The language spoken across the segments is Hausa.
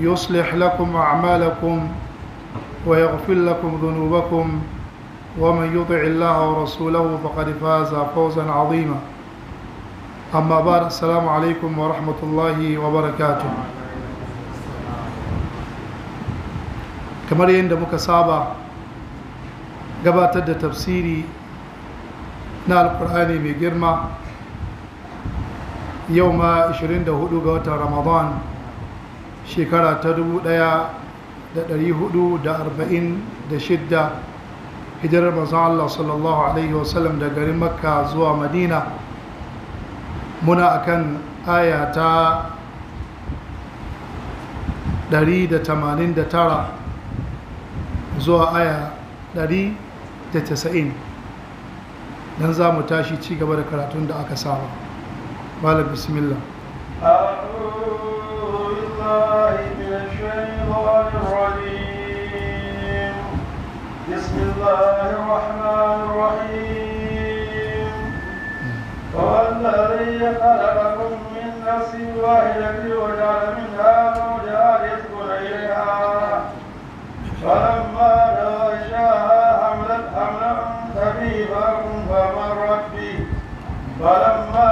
يصلح لكم أعمالكم ويغفر لكم ذنوبكم ومن يطع الله ورسوله فقد فاز فوزا عظيما أما بعد السلام عليكم ورحمة الله وبركاته كما رأينا muka saba gabatar da tafsiri na alkur'ani mai 24 رمضان watan shekara ta 1446 hijirar mazan Allah sallallahu Alaihi wasallam da garin makka zuwa madina muna akan aya ta 189 zuwa aya 190 don za mu tashi ci gaba da karatun da aka saba. Malam bismillah. من الشيطان الرجيم بسم الله الرحمن الرحيم والذي خلقكم من وجعل منها إليها فلما تغشاها حملت حملا خفيفا فمرت به فلما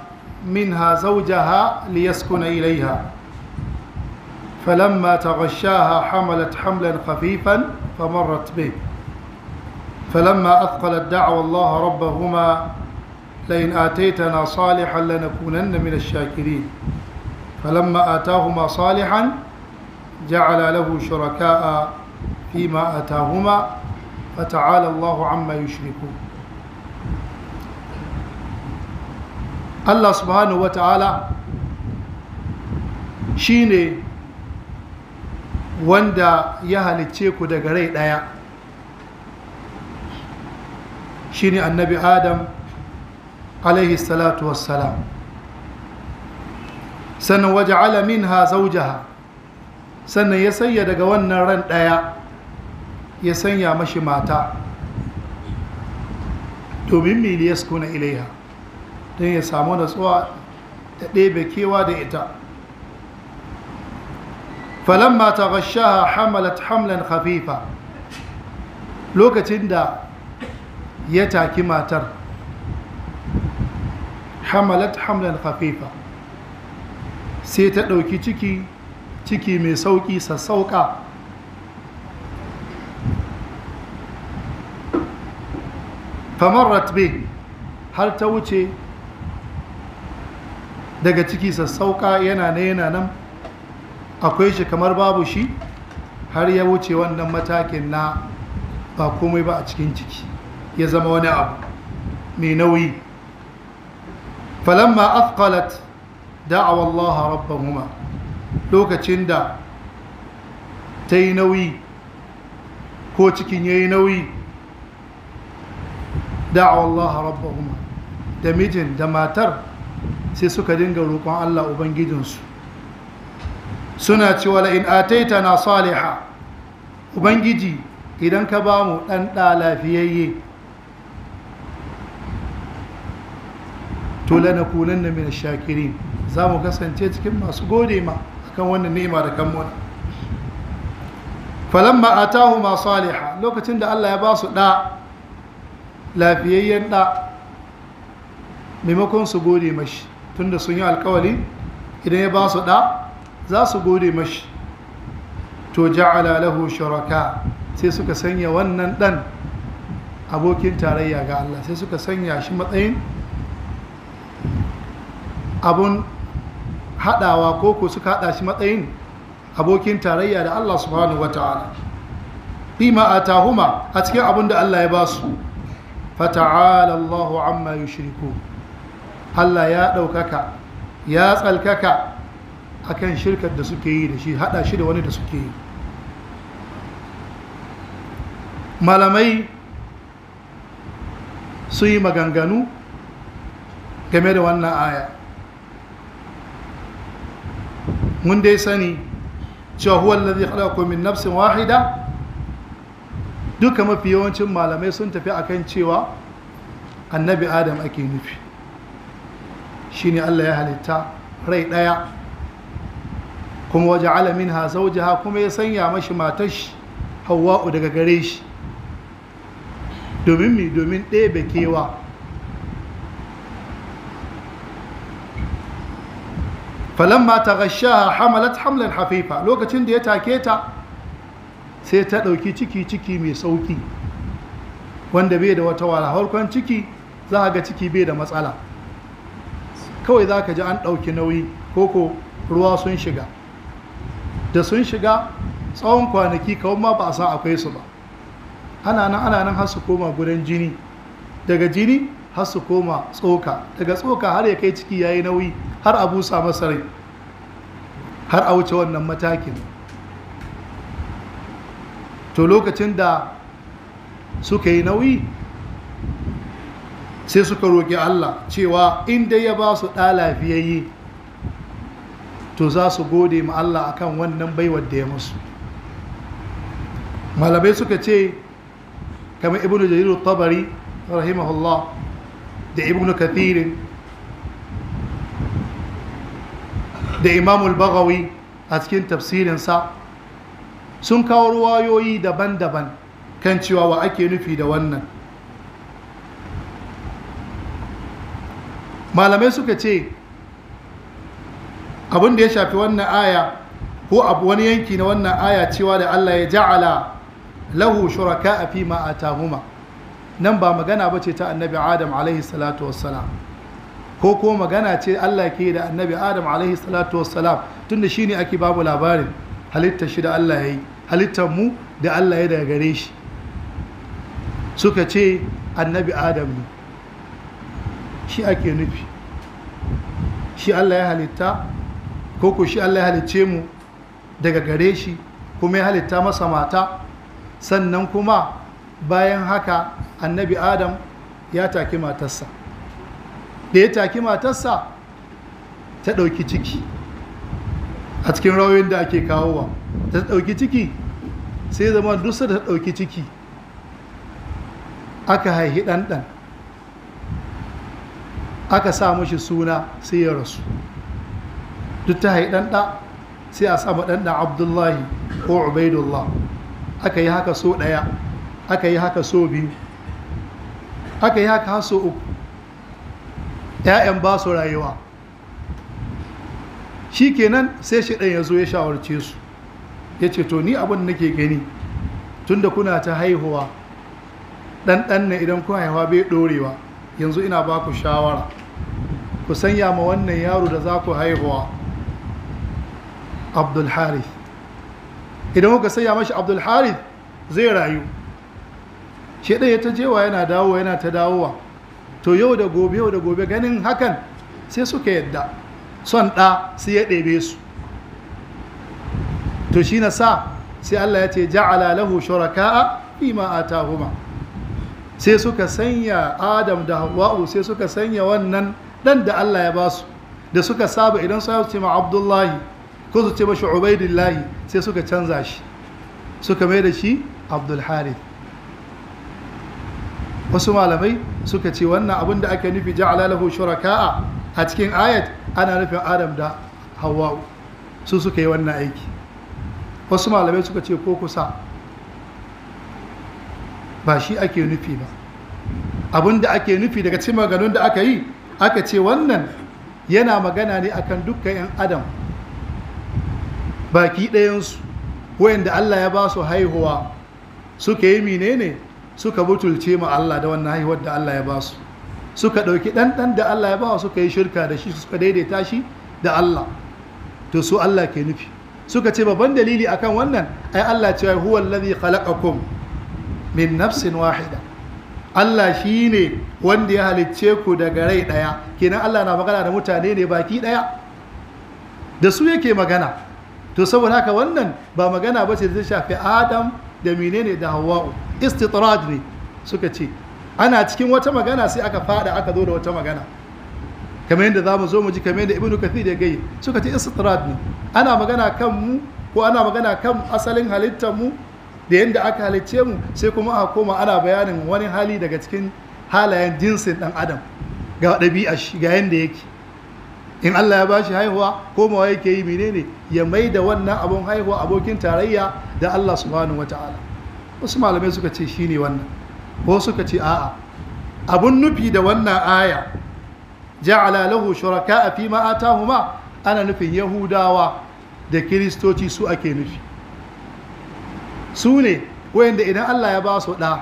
منها زوجها ليسكن إليها فلما تغشاها حملت حملا خفيفا فمرت به فلما أثقلت دعوا الله ربهما لئن آتيتنا صالحا لنكونن من الشاكرين فلما آتاهما صالحا جعل له شركاء فيما آتاهما فتعالى الله عما يشركون Allah subhanahu shi shine wanda ya halicce ku daga rai ɗaya Shin annabi adam alaihi salatu wassalam sannan waje alamin ha zaujaha sannan ya sanya daga wannan ran ɗaya ya sanya mashi mata domin miliyas kuna ilaiha don ya samu natsuwa da ɗebe kewa da ita falamma ta gashaha hamalat hamlan khafifa lokacin da ya taki matar hamalat hamlan khafifa sai ta ɗauki ciki ciki mai sauƙi sassauƙa Famar ratbe har ta wuce daga ciki sassauka yana na yana nan akwai shi kamar babu shi har ya wuce wannan matakin na ba komai ba a cikin ciki ya zama wani abu mai nauyi falamma afqalat da'awa Allah rabbahuma lokacin da ta yi nauyi ko cikin yayi nauyi da'awa Allah rabbahuma da mijin da matar sai suka dinga roƙon Allah ubangijinsu suna cewa la'in ataita na saliha ubangiji idan ka ba mu ɗan ɗa lafiyayye to lana kunan na min shakirin za mu kasance cikin masu gode ma akan wannan nema da kan mona falamma atahu ma saliha lokacin da Allah ya ba su ɗa lafiyayyen ɗa maimakon su gode mashi tunda sun yi alkawali idan ya ba su ɗa za su gode mashi to ja'ala lahu sharaka sai suka sanya wannan ɗan abokin tarayya ga Allah sai suka sanya shi matsayin abun haɗawa ko ko suka haɗa shi matsayin abokin tarayya da Allah subhanahu wa ta'ala bima atahuma a cikin abun da Allah ya ba su fata'ala Allahu amma yushriku Allah ya ɗaukaka ya tsalkaka akan shirkar da suke yi da shi haɗa shi da wani da suke yi malamai su yi maganganu game da wannan aya mun dai sani cewa huwa lalzi haɗa min nafsin wahida duka mafi yawancin malamai sun tafi akan cewa annabi adam ake nufi shine Allah ya halitta rai ɗaya kuma waje alamin ha zaujaha kuma ya sanya mashi matashi hawa'u daga gare shi domin mi domin ɗebe kewa falamma ta gashaha hamalat hamlar hafifa lokacin da ya take ta sai ta ɗauki ciki ciki mai sauki wanda bai da wata wala ciki za a ga ciki bai da matsala kawai za ka ji an ɗauki nauyi koko ruwa sun shiga da sun shiga tsawon kwanaki kawai ma ba a sa akwai su ba ana nan ana nan har su koma gudan jini daga jini har su koma tsoka daga tsoka har ya kai ciki yayi nauyi har a busa masa har a wuce wannan matakin to lokacin da suka yi nauyi sai suka roƙi Allah cewa inda ya ba su ɗa lafiyayye to za su gode ma Allah akan wannan baiwar da ya musu malabai suka ce kamar ibnu jarir tabari rahimahullah da ibnu kathirin da imamul bagawi a cikin tafsirinsa sun kawo ruwayoyi daban-daban kan cewa wa ake nufi da wannan malamai suka ce abin da ya shafi wannan aya ko abu wani yanki na wannan aya cewa da Allah ya ja'ala lahu shuraka a fi ma atahuma nan ba magana ba ce ta annabi adam alaihi salatu wassalam ko ko magana ce Allah ke da annabi adam alaihi salatu wassalam tunda shine ake babu labarin halitta shi da Allah ya yi halittar mu da Allah ya daga gare shi suka ce annabi adam ne shi ake nufi shi Allah ya halitta ko ku shi Allah ya halicce mu daga gare shi kuma ya halitta masa mata sannan kuma bayan haka annabi adam ya taki matarsa da ya taki matarsa ta ɗauki ciki a cikin rawayin da ake kawowa ta ɗauki ciki sai zama dusa ta ɗauki ciki aka haihi ɗanɗan aka sa mashi suna sai ya rasu duk ta haifi ɗanɗa sai a sama ɗanɗa abdullahi ko ubaidullah aka yi haka so ɗaya aka yi haka so biyu aka yi haka so uku ‘ya'yan ba su rayuwa shi kenan sai shi ɗan ya zo ya shawarce su ya ce to ni abin nake gani tunda kuna ta haihuwa ɗanɗan na idan kuna haihuwa bai ɗorewa yanzu ina ba ku shawara ku sanya ma wannan yaro da za ku haihuwa abdul idan kuka sanya mashi abdul zai rayu shi ya ta jewa yana dawowa yana ta dawowa to yau da gobe yau da gobe ganin hakan sai suka yadda son ɗa sai ya ɗebe su to shi na sa sai Allah ya ce ja'ala lahu shuraka'a fima atahuma sai suka sanya Adam da Hawwa'u sai suka sanya wannan dan da Allah ya ba su da suka saba idan su ce ma abdullahi ko su ce mashi ubaidillahi sai suka canza shi suka mai da shi abdulharith wasu malamai suka ce wannan abin da ake nufi ja'ala lahu shuraka'a a cikin ayat ana nufin adam da hawa'u su suka yi wannan aiki wasu malamai suka ce ko kusa ba shi ake nufi ba abin da ake nufi daga cikin maganun da aka yi aka ce wannan yana magana ne akan dukkan 'yan adam baki ɗayansu wayanda Allah ya ba su haihuwa suka yi menene suka butulce ma Allah da wannan haihuwar da Allah ya ba su suka ɗauki ɗanɗan da Allah ya ba suka yi shirka da shi suka daidaita shi da Allah to su Allah ke nufi suka ce babban dalili akan wannan ai Allah cewa huwa allazi khalaqakum min nafsin wahida Allah shi ne wanda ya halicce ku daga rai ɗaya kenan Allah na magana da mutane ne baki ɗaya da su yake magana to saboda haka wannan ba magana ba ce da shafi Adam da menene da hawa'u istitrad ne suka ce ana cikin wata magana sai aka fada aka zo da wata magana kamar yadda za mu zo mu ji kamar yadda ibnu kathir ya gai suka ce istitrad ne ana magana kan mu ko ana magana kan asalin halittar mu da yadda aka halicce mu sai kuma aka koma ana bayanin wani hali daga cikin halayen jinsin ɗan adam ga ɗabi'a shi ga yadda yake in Allah ya bashi haihuwa komawa yake yi menene ya mai da wannan abun haihuwa abokin tarayya da Allah subhanahu wata'ala wasu malamai suka ce shine wannan ko suka ce a'a abun nufi da wannan aya ja'ala lahu shuraka fi ma atahuma ana nufin yahudawa da kiristoci su ake nufi su ne wayanda idan Allah ya ba su ɗa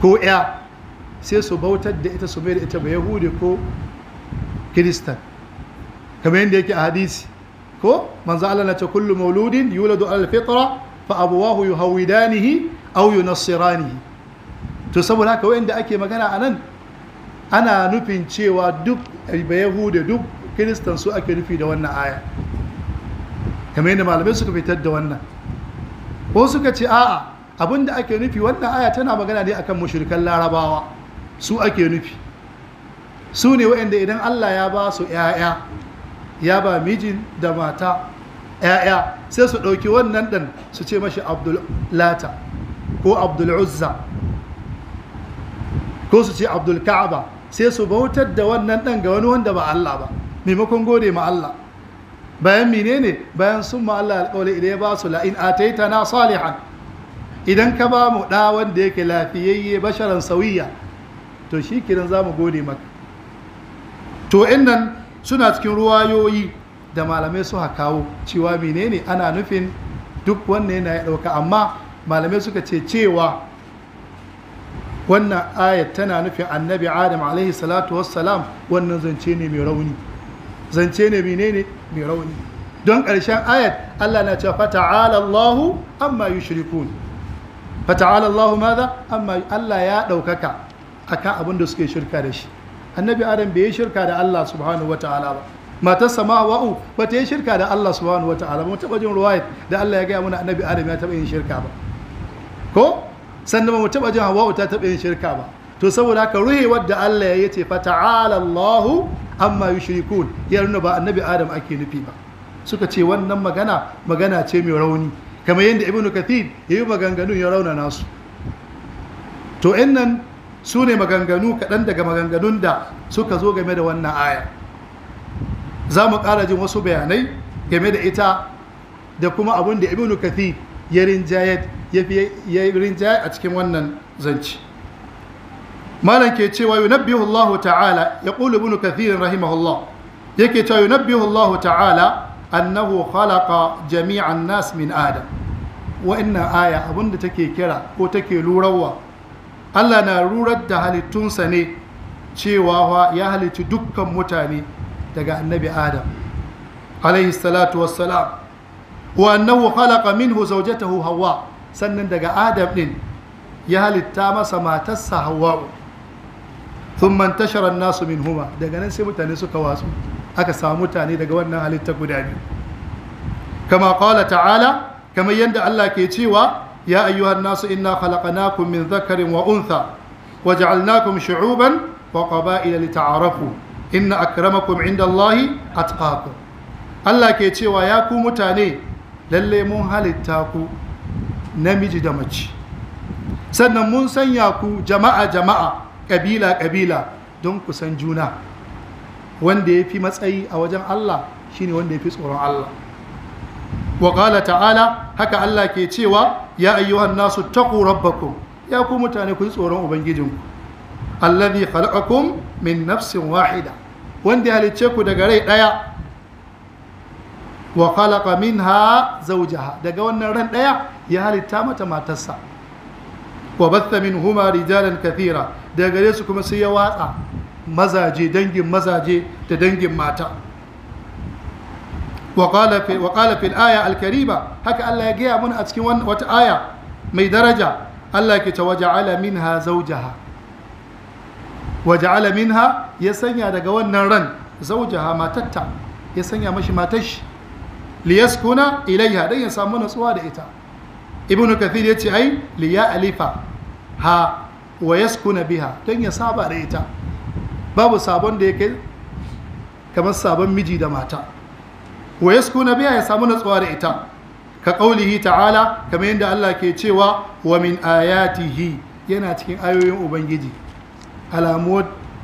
ko ya sai su bautar da ita su mai da ita ba yahudi ko kiristan kamar yadda yake a hadisi ko manzo Allah na ce kullu mauludin yuladu al fitra fa abuwahu yuhawidanihi aw yunassiranihi to saboda haka wanda ake magana anan ana nufin cewa duk yahudi duk kiristan su ake nufi da wannan aya kamar yadda malamai suka fitar da wannan ko suka ce a'a abinda ake nufi wannan aya tana magana ne akan mushrikan larabawa su ake nufi su ne waɗanda idan allah ya ba su 'ya'ya ya ba mijin da mata 'ya'ya sai su ɗauki wannan ɗan su ce mashi abdullata ko Abdul Uzza ko su ce Abdul Ka'aba sai su bautar da wannan ɗan ga wani wanda ba allah ba maimakon gode ma allah bayan menene bayan sun ma Allah alƙawli idan ya ba su la'in na salihan idan ka ba mu ɗa wanda yake lafiyayye basharan sauyiya to shi kiran za mu gode maka to in nan suna cikin ruwayoyi da malamai suka kawo cewa menene ana nufin duk wanne yana ya ɗauka amma malamai suka ce cewa wannan ayat tana nufin annabi adam alaihi salatu wassalam wannan zance ne mai rauni zance ne menene mai rauni don ƙarshen ayat Allah na ce fata'ala Allahu amma yushrikun fata'ala Allahu maza amma Allah ya ɗaukaka akan abin da suke shirka da shi annabi adam bai yi shirka da Allah subhanahu wata'ala ba matar sama wa'u ba ta yi shirka da Allah subhanahu wata'ala ba mu taɓa jin ruwayat da Allah ya gaya mana annabi adam ya taba yin shirka ba ko sannan ba mu taɓa jin hawa'u ta taba yin shirka ba to saboda haka ruhewar wadda Allah ya yi ce fata'ala Allahu amma shirikun ya nuna ba annabi adam ake nufi ba suka ce wannan magana magana ce mai rauni kamar yadda ibnu kathir yi maganganun ya rauna nasu to in nan su ne maganganu kaɗan daga maganganun da suka zo game da wannan aya za mu ƙara jin wasu bayanai game da ita da kuma abin da ibnu kathir ya rinjaye a cikin wannan zanci malam ke cewa yunabbihu Allah ta'ala ya ƙulu ibn kathir rahimahullah yake cewa yunabbihu Allah ta'ala annahu khalaqa jami'an nas min adam wa'annan aya abinda take kira ko take lurarwa Allah na rurar da halittunsa ne cewa ya halitti dukkan mutane daga annabi adam Alayhi salatu wassalam wa annahu khalaqa minhu zawjatahu hawa sannan daga adam din ya halitta masa matarsa hawa'u ثم انتشر الناس منهما daga nan sai mutane suka wasu aka samu mutane daga wannan halitta guda biyu kama qala ta'ala kamar yadda Allah ke cewa ya ayyuhan nasu inna khalaqnakum min dhakarin wa untha waja'alnakum shu'uban wa qaba'ila lita'arafu inna akramakum 'inda Allahi atqakum Allah ke cewa ya ku mutane lalle mun halitta ku namiji da mace sannan mun sanya ku jama'a jama'a ƙabila ƙabila don kusan juna wanda ya fi matsayi a wajen Allah shine wanda ya fi tsoron Allah wa ƙala ta'ala haka Allah ke cewa ya ayyuhan nasu taku rabbakum ya ku mutane ku yi tsoron ubangijinku alladhi khalaqakum min nafsin wahida wanda ya halicce ku daga rai ɗaya wa khalaqa minha zawjaha daga wannan ran ɗaya ya halitta mata matarsa wa batta minhuma rijalan kathira daga gare su kuma sai ya watsa mazaje dangin mazaje da dangin mata wa qala fil aya al-karima haka Allah ya gaya mana a cikin wata aya mai daraja Allah ke ta waja'ala minha zawjaha waja'ala minha ya sanya daga wannan ran zawjaha matatta ya sanya mashi matashi liyaskuna ilaiha dan ya samu natsuwa da ita ibnu kathir yace ai li ya alifa ha wa yaskuna biha don ya saba da ita babu sabon da yake kamar sabon miji da mata wa yaskuna biha ya samu natsuwa da ita ka qaulihi ta'ala kamar yadda Allah ke cewa wa min ayatihi yana cikin ayoyin ubangiji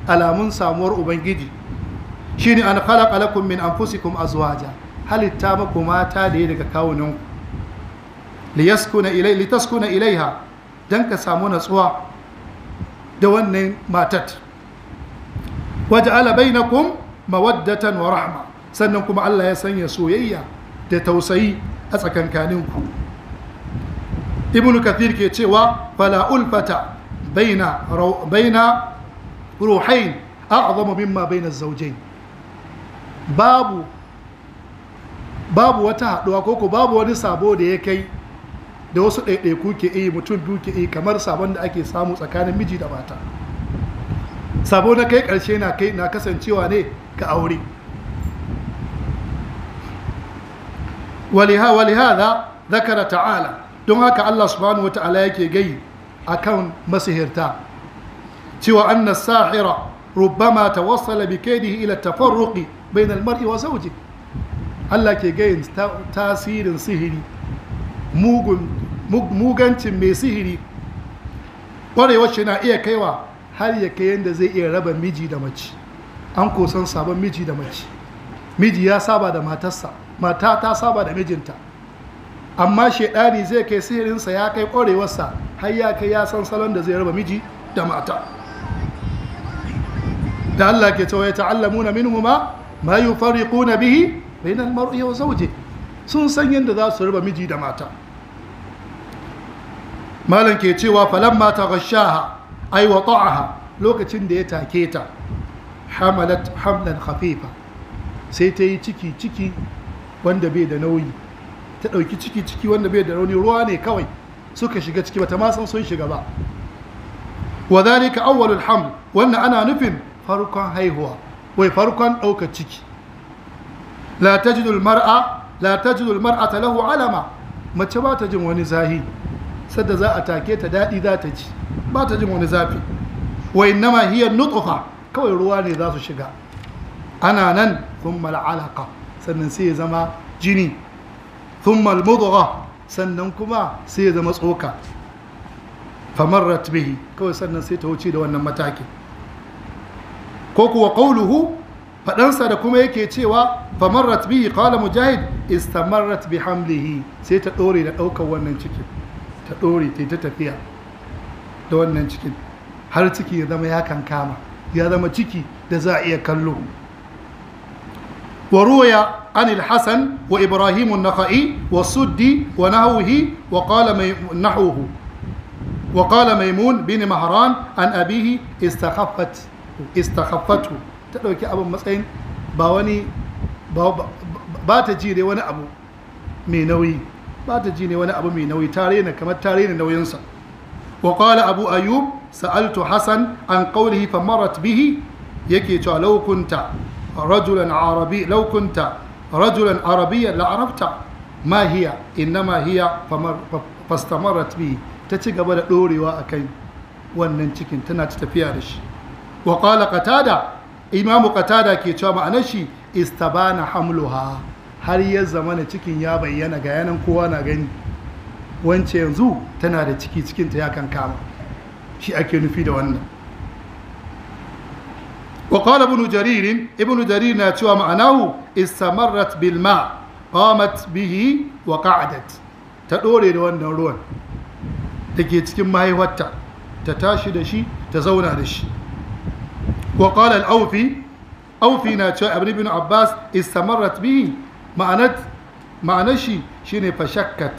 alamun samuwar ubangiji shine an khalaqa lakum min anfusikum azwaja halitta maku mata da daga kawunanku liyaskuna ilai litaskuna ilaiha dan ka samu natsuwa da wannan matat waj'ala bainakum mawaddatan wa rahma sannan kuma Allah ya sanya soyayya da tausayi a ku. ibnu kathir ke cewa fala ulfata baina baina ruhain a'zamu mimma baina zawjayn babu babu wata haduwa koko babu wani sabo da ya kai da wasu ɗaiɗaiku ke iya mutum biyu ke iya kamar sabon da ake samu tsakanin miji da mata sabo na kai ƙarshe na kai na kasancewa ne ga aure waliha waliha zakara ta'ala don haka Allah subhanahu wata'ala yake gai akan masihirta cewa anna sahira rubbama tawassala bi kaydihi ila tafarruqi bainal mar'i wa zawji Allah ke gayin tasirin sihiri mugancin mai sihiri ƙwarewar shi na iya kaiwa har ya kai yadda zai iya raba miji da mace an san sabon miji da mace miji ya saba da matarsa mata ta saba da mijinta amma shaidani zai kai sihirinsa ya kai kwarewarsa har ya kai ya san salon da zai raba miji da mata da Allah ke cewa ya min huma ma na bihi bainal mar'i wa zauje sun san yadda za su raba miji da mata malam ke cewa falamma taghashaha aiwa wata'aha lokacin da ya take ta hamalat hamlan khafifa sai ta yi ciki ciki wanda bai da nauyi ta ɗauki ciki ciki wanda bai da nauyi ruwa ne kawai suka shiga ciki bata ma san sun shiga ba wa dhalika awwalul haml wannan ana nufin farkon haihuwa wai farkon ɗaukar ciki la tajidul mar'a la tajidul lahu alama mace ba ta jin wani zahiri sadda za a take ta daɗi za ta ci ba ta jin wani zafi wai innama hiya nutfa kawai ruwa ne za su shiga ana nan thumma al'alaqa sannan sai ya zama jini thumma al-mudgha sannan kuma sai ya zama tsoka famarrat bihi kawai sannan sai ta wuce da wannan matakin ko kuwa qawluhu faɗansa da kuma yake cewa famarrat bihi qala mujahid istamarrat bi sai ta ɗore da ɗaukar wannan cikin ta ɗore ta ta tafiya da wannan cikin har ciki ya zama ya kankama ya zama ciki da za a iya kallo وروي عن الحسن وإبراهيم النخعي والسدي ونهوه وقال نحوه وقال ميمون بن مهران عن أبيه استخفت استخفته تلوك أبو مسعين باوني با, با, با, با تجيري وانا أبو مينوي ba ta ji ne wani abu mai nauyi tare ne kamar tare ne nauyinsa wa qala abu ayyub sa'altu hasan an qawlihi fa marat bihi yake cewa law kunta rajulan arabi law kunta rajulan arabiyya la arabta ma hiya innama hiya fastamarat bihi ta ci gaba da dorewa akan wannan cikin tana ta tafiya da shi wa qala qatada imamu qatada ke cewa ma'anar shi istabana hamluha har ya zama na cikin ya bayyana ga yanan kowa na gani wance yanzu tana da ciki cikin ta yakan kama shi ake nufi da wannan wa qala ibn jarir ibn jarir na cewa ma'anahu istamarrat bil ma qamat bihi wa ta dore da wannan ruwan take cikin mahaifarta ta tashi da shi ta zauna da shi wa qala al-awfi awfi na cewa ibn abbas istamarrat bihi ma'anar shi ne fashakkat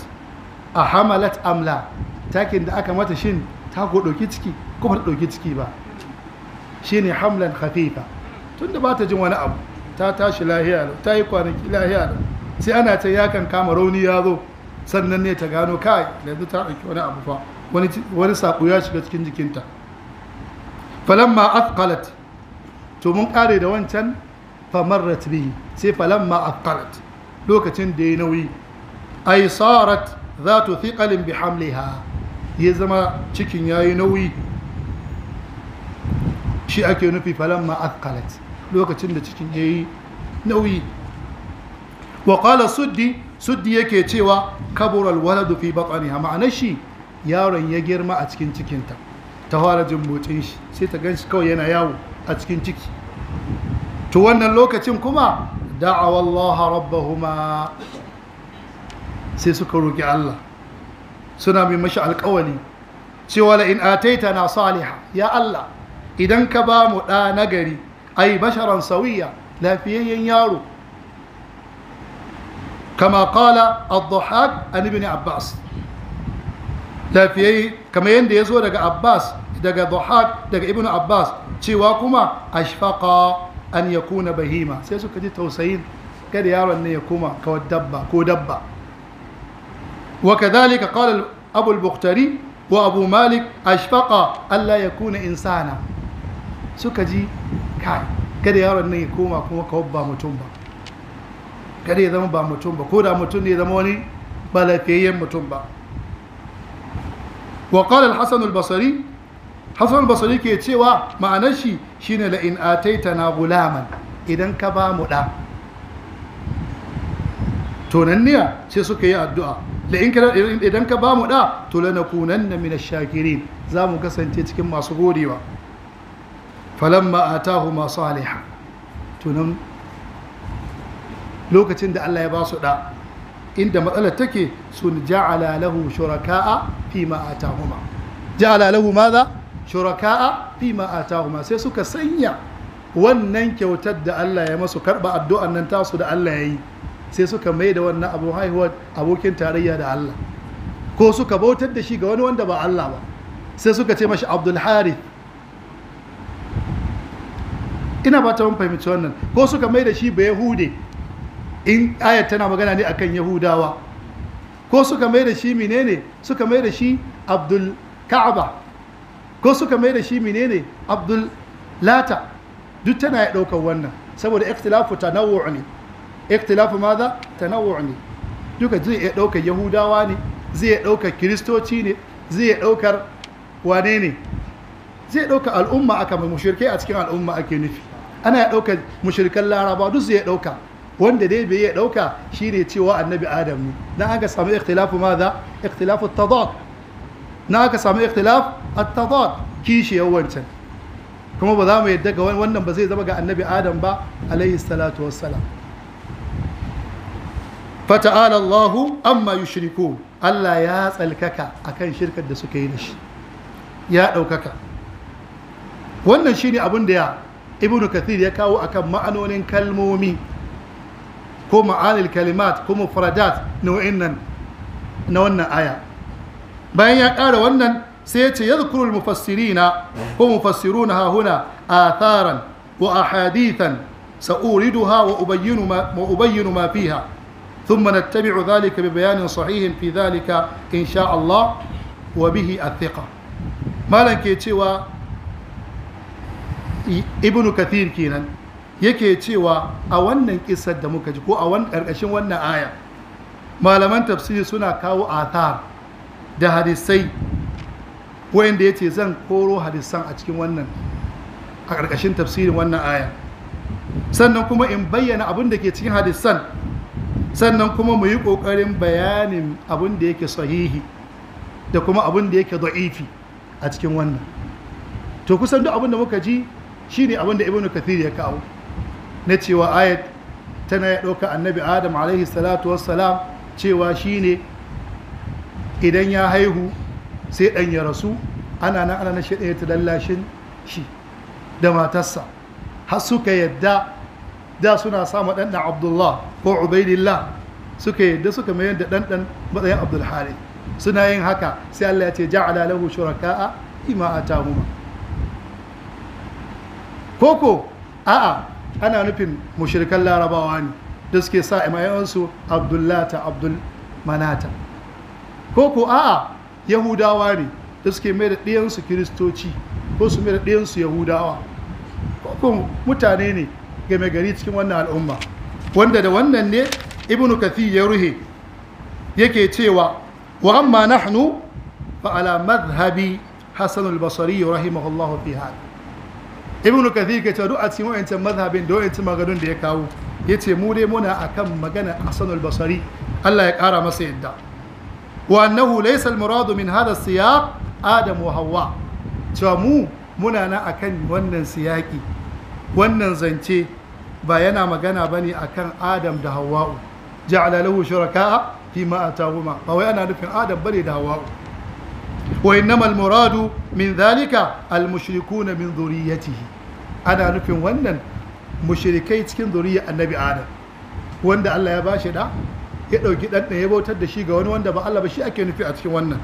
a hamalat amla takin da aka mata shin ta ko ɗauki ciki ko ba ta ɗauki ciki ba ne hamlan tun tunda ba ta jin wani abu ta tashi lahiya da ta yi kwanaki lahiya da sai ana ta yakan kama rauni ya zo sannan ne ta gano kai yanzu ta ɗauki wani abu fa wani saƙo ya shiga cikin jikinta falamma afqalat to mun ƙare da wancan famarrat bi sai falamma aqarat lokacin da ya nauyi ay sarat zatu thiqalin bi hamliha ya zama cikin yayi nauyi shi ake nufi falamma aqalat lokacin da cikin yayi nauyi wa qala suddi suddi yake cewa kabura alwaladu fi batniha ma'anar shi yaron ya girma a cikin cikinta ta fara jin motsin shi sai ta ganshi kawai yana yawo a cikin ciki to wannan lokacin kuma da'awa Allah rabbahuma sai suka roki Allah suna mai mashi alƙawari cewa la in ataita na saliha ya Allah idan ka ba mu ɗa nagari ai basharan sawiya lafiyayyen yaro kama qala ad-dhahak an ibn abbas lafiyayye kama yanda zo daga abbas daga daga ibn abbas cewa kuma ashfaqa an ya kuna bahima sai suka ji tausayin kada yaron ne ya koma kawai dabba ko dabba wa kadhalika qala abu al-bukhtari wa abu malik ashfaqa alla yakuna insana suka ji kai kada yaron nan ya koma kuma kawai ba mutum ba kada ya zama ba mutum ba ko da mutum ne ya zama wani ba lafiyayyen mutum ba wa qala al-hasan hasan basari ke cewa ma'anar shi shine la in na gulaman idan ka ba mu da tonanniya ce suka yi addu'a la in idan ka ba mu da to lanakunanna min ash-shakirin za mu kasance cikin masu godewa falamma atahuma salihan tunan lokacin da Allah ya ba su da inda matsalar take sun ja'ala lahu shuraka'a fi ma atahuma ja'ala lahu madha shuraka'a fi ma atahuma sai suka sanya wannan kyautar da Allah ya masu karba addu'an nan tasu da Allah ya yi sai suka mai da wannan abu haihuwa abokin tarayya da Allah ko suka bautar da shi ga wani wanda ba Allah ba sai suka ce mashi Abdul Harith ina ba ta fahimci wannan ko suka mai da shi ba Yahude in ayat tana magana ne akan Yahudawa ko suka mai da shi menene suka mai da shi Abdul Ka'aba ko suka mai da shi menene abdul lata duk tana ya ɗaukar wannan saboda ikhtilafu tanawwu ne ikhtilafu maza tanawwu ne duka zai iya ɗaukar yahudawa ne zai iya ɗaukar kiristoci ne zai iya ɗaukar wane ne zai ɗauka al'umma aka mai mushirkai a cikin al'umma ake nufi ana ya ɗaukar mushirkan laraba duk zai ɗauka wanda dai bai ya ɗauka shi ne cewa annabi adam ne na aka samu ikhtilafu maza ikhtilafu tadad na aka samu ikhtilaf at-tadad ya wancan kuma ba za mu yadda ga wannan ba zai zama ga annabi adam ba alaihi salatu wassalam fata'ala Allahu amma yushriku Allah ya tsalkaka akan shirkar da suka yi da shi ya ɗaukaka wannan shine abin da ya ibnu kathir ya kawo akan ma'anonin kalmomi ko ma'anil kalimat ko mufradat nau'in nan na wannan aya bayan ya ƙara wannan sai ce ya zukuru mufassirina ko mufassiruna ha huna atharan wa ahadithan sa'uriduha wa ubayyinu ma wa ubayyinu ma fiha thumma nattabi'u dhalika bi bayanin sahihin fi dhalika insha Allah wa bihi athiqa malan ke cewa ibnu kathir kenan yake cewa a wannan kissar da muka ji ko a wannan wannan aya malaman tafsiri suna kawo athar da hadisai ya ce zan koro hadisan a cikin wannan a ƙarƙashin tafsirin wannan aya sannan kuma in bayyana abin da ke cikin hadisan sannan kuma mu yi ƙoƙarin bayanin abin da yake sahihi da kuma abin da yake da'ifi a cikin wannan to kusan duk abin da muka ji shine abin da ibnu kathir ya kawo na cewa ayat tana ya ɗauka annabi adam alaihi salatu wassalam cewa shine idan ya haihu sai ɗan ya rasu ana nan ana nan shi ta lallashin shi da matarsa har suka yadda da suna sama ɗan ɗan abdullah ko ubaidillah suka yadda suka mayar da ɗan ɗan matsayin abdulhari suna yin haka sai allah ya ce ja'ala lahu shuraka'a ima atahuma koko a'a ana nufin mushrikan larabawa ne da suke sa 'yansu abdullata abdul manata koko a'a yahudawa ne da suke mai da ɗayansu kiristoci ko su mai da ɗayansu yahudawa ko mutane ne game gari cikin wannan al'umma wanda da wannan ne Ibn kathir ya ruhe yake cewa wa amma nahnu fa ala madhhabi hasan al-basri rahimahullah fi hada ibnu kathir ke cewa duk a cikin wayancin madhhabin da wayancin maganun da ya kawo yace mu dai muna akan magana hasan al Allah ya kara masa yadda وأنه ليس المراد من هذا السياق آدم وحواء تشامو muna nan akan wannan siyaki wannan zance ba yana magana bane akan Adam da Hawwa'u ja'ala lahu shuraka'a fi ma atahuma ba wai ana nufin Adam bane da Hawwa'u wa innamal muradu min dhalika al mushrikuna min dhurriyyatihi ana nufin wannan mushirikai cikin zuriya annabi Adam wanda Allah ya bashi da ya ɗauki ɗan ya bautar da shi ga wani wanda ba Allah ba shi ake nufi a cikin wannan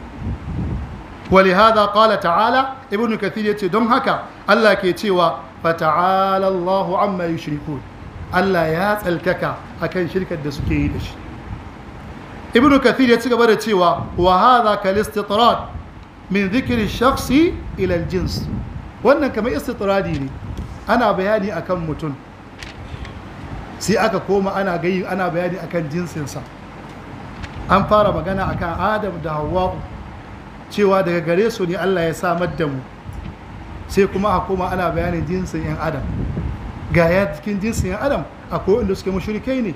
ولهذا قال تعالى ابن كثير يتي دون هكا الله كي تيوا فتعالى الله عما يشركون الله يا تلكك أكن شركة دسكي دش ابن كثير يتي قبل تيوا وهذا كالاستطراد من ذكر الشخص إلى الجنس وأنا كما استطرادي أنا بياني أكم متن sai aka koma ana gayi ana bayani akan jinsinsa an fara magana akan adam da hawa'u cewa daga gare su ne allah ya samar da mu sai kuma a koma ana bayanin jinsin 'yan adam ga ya cikin jinsin 'yan adam akwai wanda suke mushrikai ne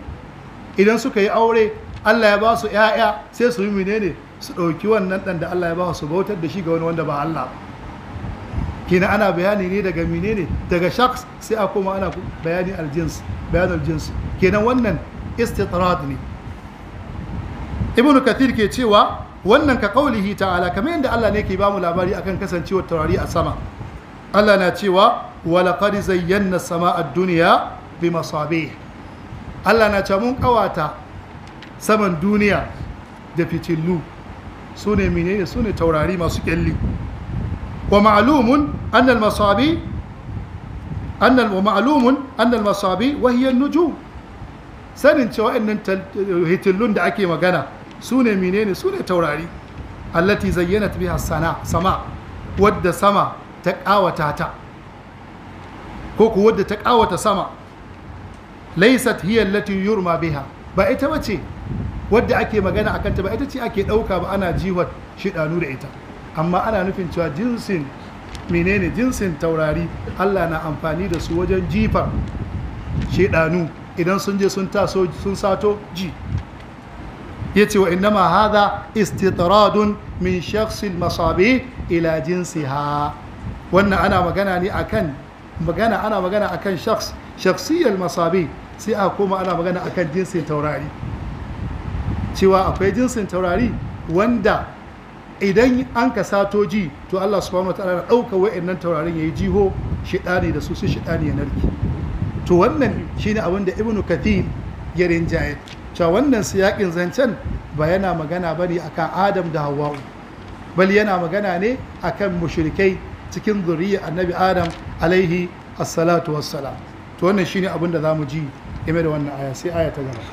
idan suka yi aure allah ya ba su 'ya'ya sai su yi menene su ɗauki wannan ɗan da allah ya ba su bautar da shi ga wani wanda ba allah ba kina ana bayani ne daga menene daga shaks sai a koma ana bayani aljins bayan aljins kenan wannan istitrad ne ibnu kathir ke cewa wannan ka kaulihi ta'ala kamar yadda Allah ne ke bamu labari akan kasancewar taurari a sama Allah na cewa walaqad zayyana samaa ad-dunya bi masabih Allah na ce mun kawata saman duniya da fitillu su ne menene taurari masu kyalli ومعلوم أن المصابي أن ومعلوم أن المصابي وهي النجوم sanin cewa wa'annan hitillun da ake magana su ne menene su ne taurari allati zayyanat biha sana sama wadda sama ta kawata ta ko ku wadda ta kawata sama laysat hiya allati yurma biha ba ita bace ake magana akan ba ita ce ake ɗauka ba ana jiwar shidanu da ita amma ana nufin cewa jinsin menene jinsin taurari Allah na amfani da su wajen jifar shedanu idan sun je sun taso sun sato ji ya ce wa innama hadha istitradun min shakhsil masabi ila ha wannan ana magana ne akan magana ana magana akan masabi sai a koma ana magana akan jinsin taurari cewa akwai jinsin taurari wanda idan an ka sato ji to Allah subhanahu ta'ala na ɗauka wa'annan taurarin yayi jiho shidani da su sai shidani ya narki to wannan shine abin da ibnu kathir ya rinjaye cewa wannan siyakin zancen ba yana magana bane akan adam da hawa'u bal yana magana ne akan mushrikai cikin zuriya annabi adam alaihi assalatu wassalam to wannan shine abin da zamu ji game da wannan aya sai aya ta gaba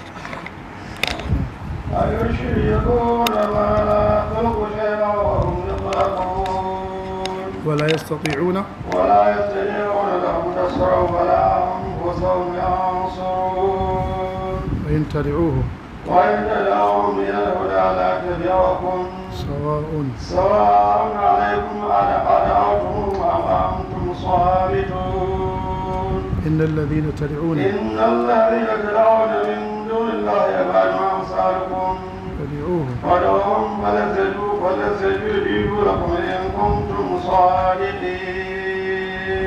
ولا يستطيعون ولا يستطيعون لهم نصرا ولا أنفسهم ينصرون وإن تدعوهم وإن تدعوهم إلى الهدى لا تدعوكم سواء سواء عليكم أدعوتموهم أم أنتم صامتون إن الذين تدعون إن الذين تدعون من دون الله يفعلون أمثالكم فادعوهم فادعوهم فلن تجدوا ولستجيب لكم إن كنتم صادقين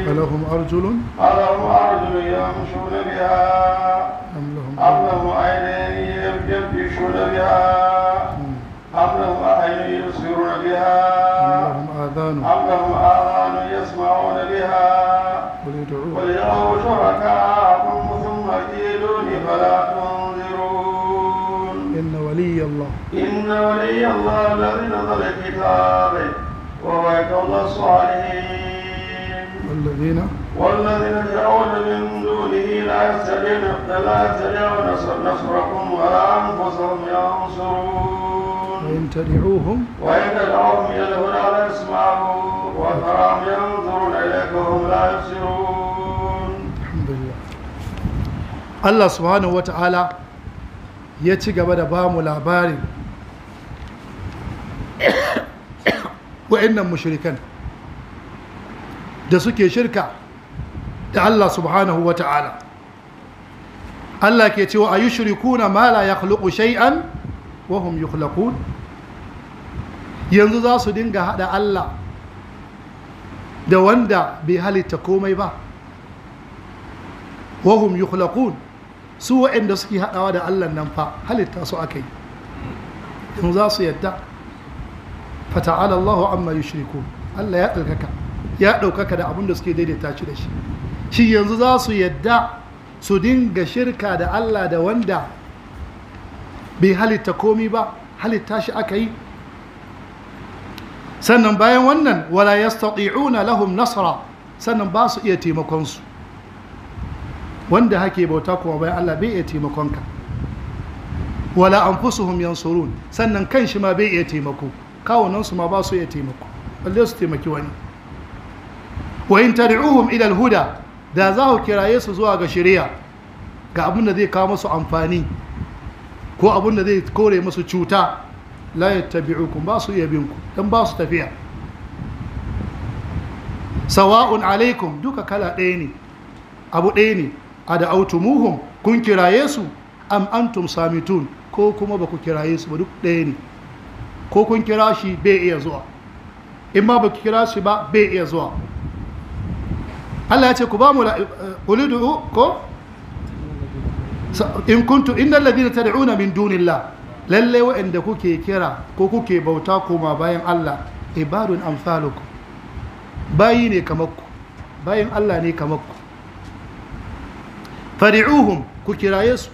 ألهم أرجل ألهم أرجل يمشون بها أم لهم عينين يبكشون بها أم لهم أعين يبصرون بها أم لهم آذان أم لهم آذان يسمعون بها قل ادعوا شركاءكم ثم كيدوني فلا تؤمنون ولي الله إن ولي الله الذي نزل الكتاب وهو يتولى الصالحين والذين والذين تدعون من دونه لا يستطيعون لا يستطيعون نصركم ولا أنفسهم ينصرون وإن تدعوهم وإن تدعوهم إلى الهدى لا يسمعون وتراهم ينظرون إليك وهم لا يبصرون الحمد لله الله سبحانه وتعالى ya ci gaba da bamu labarin wa'annan mushrikan da suke shirka da Allah subhanahu wa ta'ala Allah ke cewa a yushrikuna ma la yakhluqu shay'an wa hum yukhlaqun yanzu za su dinga hada Allah da wanda bai halitta komai ba wa hum yukhlaqun su waɗanda suke haɗawa da allah nan fa halitta su aka yi in za su yadda fata'ala allah amma yushriku allah ya ɗaukaka ya ɗaukaka da abin da suke daidaita shi da shi shi yanzu za su yadda su dinga shirka da allah da wanda bai halitta komi ba halitta shi aka yi sannan bayan wannan wala yastati'una lahum nasra sannan ba su iya taimakonsu wanda hake bauta kuma bayan Allah bai iya taimakonka wala anfusuhum surun sannan kan shi ma bai iya taimako kawunan su ma ba su iya taimako balle su taimaki wani wa in tad'uhum ila al-huda da za ku kiraye su zuwa ga shari'a ga abin da zai kawo musu amfani ko abin da zai kore musu cuta la yattabi'ukum ba su iya bin ku dan ba su tafiya sawa'un alaikum duka kala ɗaya ne abu ɗaya ne ad'autumuhum kun kiraye su am antum samitun ko kuma ba ku kiraye su ba duk ɗaya ne ko kun kira shi bai iya zuwa in ma ba ku kira shi ba bai iya zuwa Allah ya ce ku ba mu ulidu ko in kuntu ta ladina tad'una min dunillah lalle wa'anda kuke kira ko kuke bauta koma bayan Allah ibadun amsalukum bayi ne kamar ku bayan Allah ne kamar ku fari'uhum ku kiraye su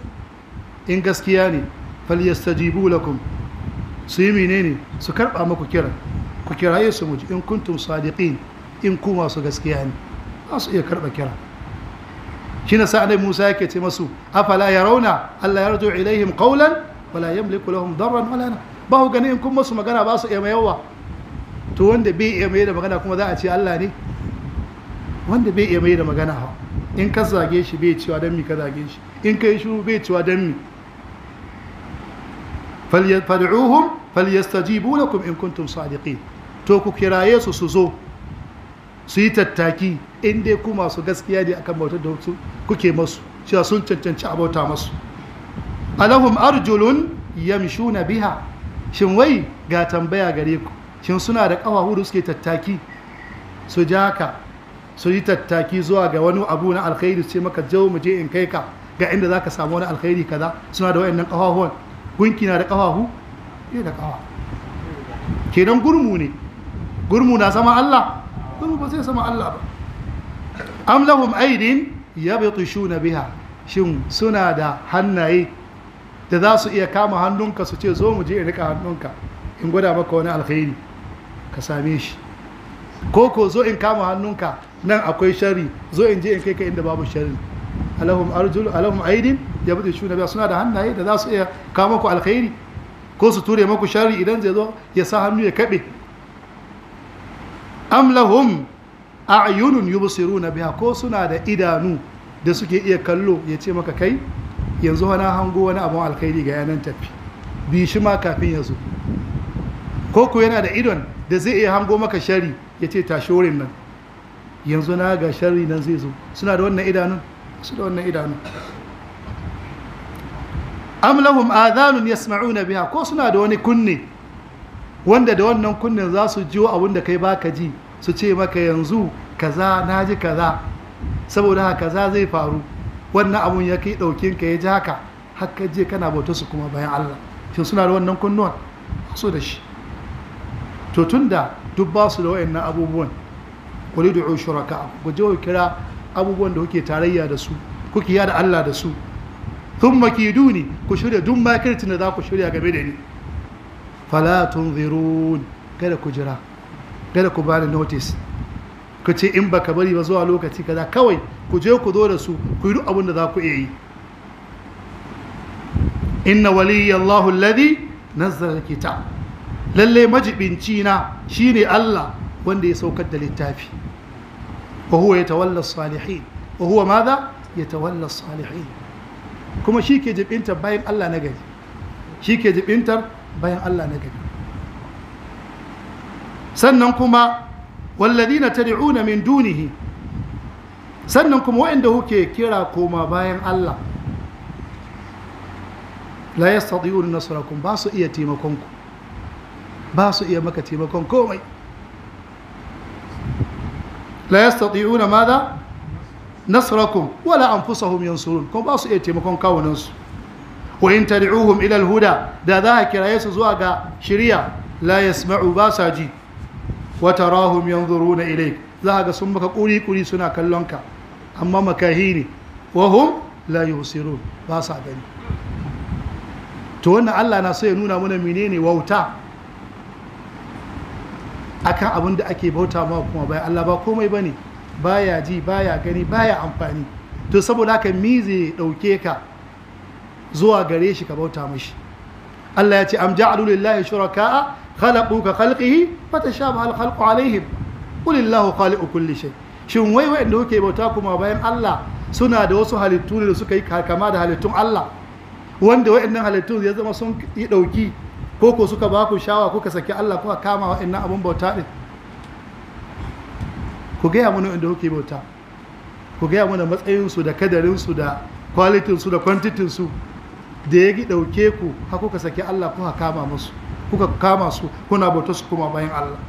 in gaskiya ne falyastajibu lakum su yi menene su karba maku kira ku kiraye su in kuntum sadiqin in ku masu gaskiya ne za su iya karba kira shi na sa'adai musa yake ce masu afala a rauna allah ya rajo ilaihim qawlan wala yamliku lahum darran wala na ba ku gani in kun masu magana ba su iya mai to wanda bai iya da magana kuma za a ce allah ne wanda bai iya da magana in ka zage shi bai cewa don mi ka zage shi in ka yi shuru bai cewa don mi fad'uhum falyastajibu lakum in kuntum sadiqin to ku kiraye su su zo su yi tattaki in dai ku masu gaskiya ne akan bautar da kuke masu cewa sun cancanci a bauta masu alahum arjulun yamshuna biha shin wai ga tambaya gare ku shin suna da kafa hudu suke tattaki su jaka Sun yi tattaki zuwa ga wani abu na alkhairi su ce maka jau mu je in kai ka ga inda za ka samu wani alkhairi kaza suna da wayannan kafafuwan gunki na da kafafu ne da kafa kenan gurmu ne gurmu na sama Allah gurmu ba zai sama Allah ba am lahum aidin yabtishuna biha shin suna da hannaye da za su iya kama hannunka su ce zo mu je in rika hannunka in gwada maka wani alkhairi ka same shi ko ko zo in kama hannunka nan akwai shari zo in je in kai ka inda babu shari alahum arjul alahum aidin yabdu shuna biya suna da hannaye da za su iya kawo maku alkhairi ko su ture maku shari idan zai zo ya sa hannu ya kaɓe am lahum a'yunun yubsiruna biha ko suna da idanu da suke iya kallo ya ce maka kai yanzu wani hango wani abun alkhairi ga yanan tafi bi shi ma kafin ya zo ko ku yana da idon da zai iya hango maka shari ya ce tashi wurin nan yanzu na ga sharri nan zai zo suna da wannan idanun su da wannan idanun am lahum adhanun yasma'una biha ko suna da wani kunne wanda da wannan kunnen za su jiwo abin da kai baka ji su ce maka yanzu kaza na ji kaza saboda haka kaza zai faru wannan abun ya kai daukin ka ya ji haka haka je kana bauta su kuma bayan Allah shin suna da wannan kunnuwan su da shi to tunda duk ba su da wayannan abubuwan qul ud'u shuraka'akum ku je ku kira abubuwan da kuke tarayya da su kuke yada Allah da su thumma kiduni ku shirya duk makircin da za ku shirya game da ni falatun tunzirun kada ku jira kada ku bani notice ku ce in baka bari ba zuwa lokaci kaza kawai ku je ku zo da su ku yi duk abin da za ku iya yi inna waliyya Allahu alladhi nazzala alkitab lalle majibinci na shine Allah wanda ya saukar da littafi wa huwa salihin wa huwa salihin kuma shi ke jibintar bayan Allah na gari shi ke jibintar bayan Allah na gari sannan kuma walladina tad'una min dunihi sannan kuma waɗanda kuke kira koma bayan Allah la yastati'una nasrakum ba su iya taimakonku ba su iya maka taimakon komai la yastati'una madha nasrakum wala anfusahum yansurun kuma ba iya taimakon kawunansu wa in tad'uhum ila al-huda da za a kiraye su zuwa ga shiriya la basa ba sa ji wa tarahum yanzuruna ilayk za ga sun maka kuri suna kallon ka amma makahini wa hum la yusirun ba gani to wannan Allah na so ya nuna mana menene wauta akan abin da ake bauta ma kuma bayan Allah ba komai bane baya ji baya gani baya amfani to saboda haka mi zai dauke ka zuwa gare shi ka bauta mashi Allah ya ce am ja'alu lillahi shuraka'a khalaqu ka khalqihi fatashabaha al-khalqu alaihim qul illahu khaliqu kulli shay shin wai wanda kuke bauta kuma bayan Allah suna da wasu halittu ne da suka yi kama da halittun Allah wanda waɗannan halittun ya zama sun yi ɗauki ko ko suka ba ku shawa kuka saki Allah kuka kama ina abun bauta din ku gaya mana inda kuke bauta ku gaya mana matsayinsu da kadarinsu da kwalitinsu da kwantitinsu da ya ɗauke ku ko kuka saki Allah kuka kama musu kuka kama su kuna bauta su kuma bayan Allah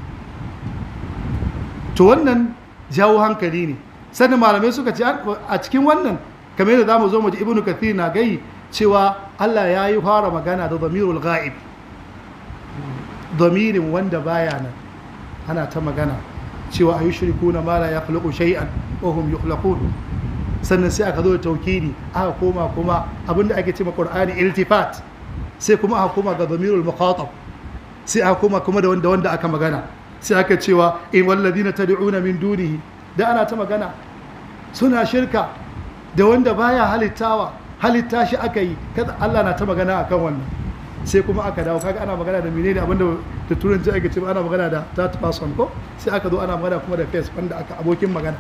to wannan jawo hankali ne sannan malamai suka ce a cikin wannan kamar yadda za mu zo mu ji ibnu kathir na gai cewa Allah ya yi fara magana da zamirul ghaib domirin wanda baya nan ana ta magana cewa a yi shirku na mala ya khuluqu shay'an wa hum yukhlaqun sannan sai aka zo da taukidi aka koma kuma abinda ake ce ma qur'ani iltifat sai kuma aka koma ga dhamirul muqatab sai aka koma kuma da wanda wanda aka magana sai aka cewa in eh, walladina tad'una min dunihi da ana ta magana suna shirka da wanda baya halittawa halitta shi aka yi kada Allah na ta magana akan wannan sai kuma aka dawo kaga ana magana da menene abinda da turanci ake cewa ana magana da third person ko sai aka zo ana magana kuma da face wanda aka abokin magana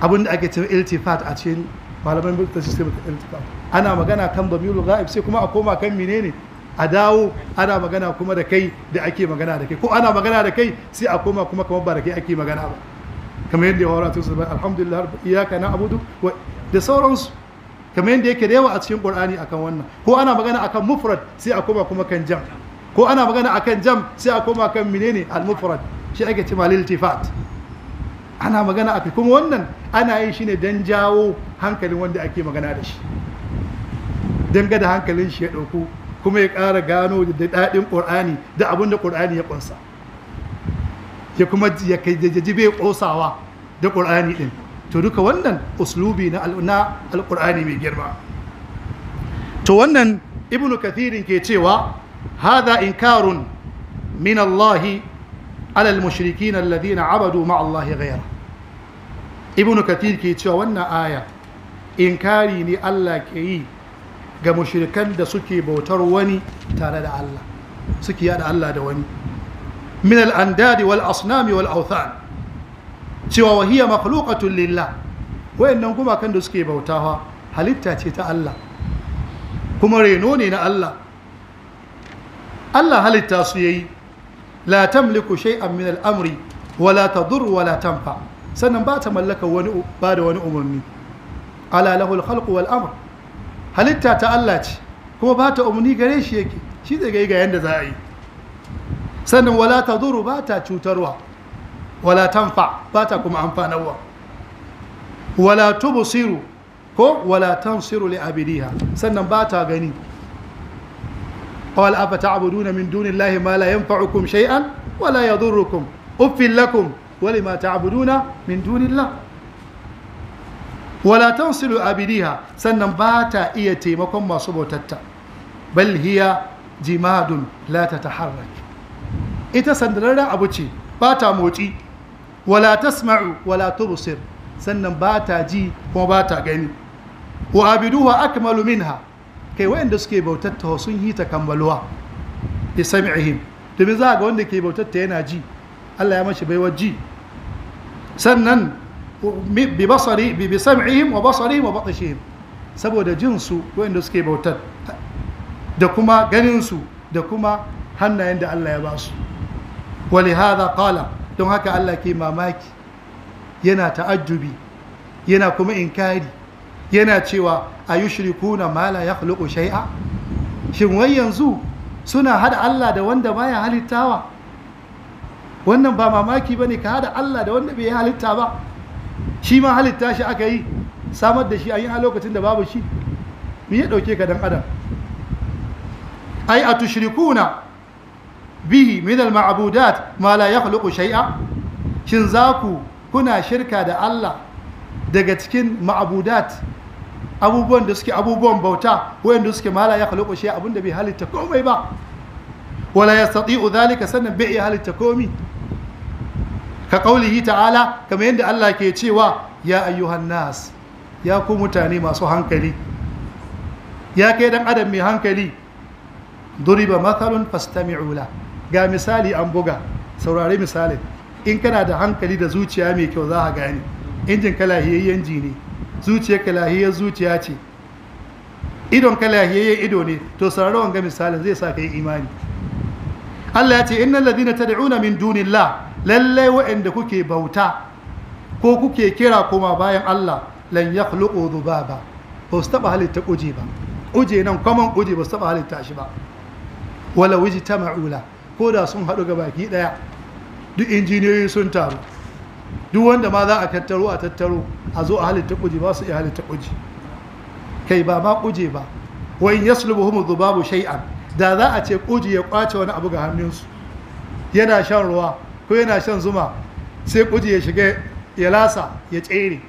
abinda ake cewa iltifat a cikin malaman bukta system iltifat ana magana kan damirul ghaib sai kuma a koma kan menene a dawo ana magana kuma da kai da ake magana da kai ko ana magana da kai sai a koma kuma kamar ba da kai ake magana ba kamar yadda ya wara sabai alhamdulillah iyaka na abudu da sauransu kamar yadda yake da yawa a cikin qur'ani akan wannan ko ana magana akan mufrad sai a koma kuma kan jam ko ana magana akan jam sai a koma kan menene al mufrad shi ake cewa lil tifat ana magana akai kuma wannan ana yin shi ne dan jawo hankalin wanda ake magana da shi dan ga da hankalin shi ya dauko kuma ya ƙara gano da daɗin ƙur'ani da abin da qur'ani ya kunsa ya kuma ya ji bai ƙosawa da ƙur'ani din to duka wannan uslubi na alƙur'ani mai girma to wannan ibn kathirin ke cewa hada inkarun min Allah ala al-mushrikin alladhina abadu ma Allah ghayra ibn kathir ke cewa wannan aya inkari ne Allah ke yi ga mushrikan da suke bautar wani tare da Allah suke yada Allah da wani min al-andadi wal asnami wal autan. cewa wahiya makhluqatun lillah wayannan kan da suke bautawa halitta ce ta Allah kuma reno ne na Allah Allah halitta su yayi la tamliku shay'an min al-amri wala tadur wala tanfa sannan ba ta mallaka wani ba da wani umarni ala lahul khalqu wal amr halitta ta Allah ce kuma ba ta umarni gare shi yake shi zai ga yanda za a yi sannan wala tadur ba ta cutarwa wala tanfa ba ta kuma amfanarwa wala tubsiru ko wala tansiru li abidiha sannan ba ta gani qala afa ta'buduna min dunillahi ma la yanfa'ukum shay'an wa la yadhurrukum uffil lakum wa lima ta'buduna min dunillah wala tansiru abidiha sannan ba ta iya taimakon masu bautatta bal hiya jimadun la tataharrak ita sandararren abu ce ba ta motsi wala tasma'u wala tubsir sannan ba ta ji kuma ba ta gani wa abiduha akmalu minha kai wayanda suke bautar ta sun yi ta kammaluwa bi sam'ihim domin za ga wanda ke bautar ta yana ji Allah ya mashi baiwar ji sannan bi basari bi bi sam'ihim wa basarihim wa batshihim saboda jin su wanda suke bautar da kuma ganin su da kuma hannayen da Allah ya ba su ولهذا قال don haka Allah ke mamaki yana ta'ajjubi yana kuma inkari yana cewa a yi shirikuna ma la yakhluqu shai'a? shin wai yanzu suna hada Allah da wanda baya halittawa wannan ba mamaki ba ne ka hada Allah da wanda bai halitta ba shi ma halitta shi aka yi samar da shi a yi a lokacin da babu shi me ya dauke ka dan adam ai a tushrikuna bihi min al-ma'budat ma la yakhluqu shay'a shin za ku kuna shirka da Allah daga cikin ma'budat abubuwan da suke abubuwan bauta wayanda suke ma la yakhluqu shay'a abinda bai halitta komai ba wala yastati'u dhalika sannan bai iya halitta komai ka qaulihi ta'ala kamar yadda Allah ke cewa ya ayyuhan nas ya ku mutane masu hankali ya kai dan adam mai hankali duriba mathalun fastami'u lahu ga misali an buga saurari misali in kana da hankali da zuciya mai kyau za a gane injin ka lahiyayyen ji ne zuciya ka zuciya ce idon ka lahiyayyen ido ne to saurari wanga misali zai sa ka yi imani Allah ya ce innal ladina tad'una min dunillah lallai wa'anda kuke bauta ko kuke kira kuma bayan Allah lan yakhluqu dhubaba ba su taba halitta kuje ba kuje nan kwaman kuje ba su taba halitta shi ba wala ta ma'ula ko da sun haɗu ga baki ɗaya duk injiniyoyi sun taru duk wanda ma za a tattaro a tattaro a zo a halitta kuje ba su iya halitta kuje kai ba ma kuje ba wa in yaslubuhum dhubabu shay'an da za a ce kuje ya kwace wani abu ga hannunsu yana shan ruwa ko yana shan zuma sai kuje ya shiga ya lasa ya tsere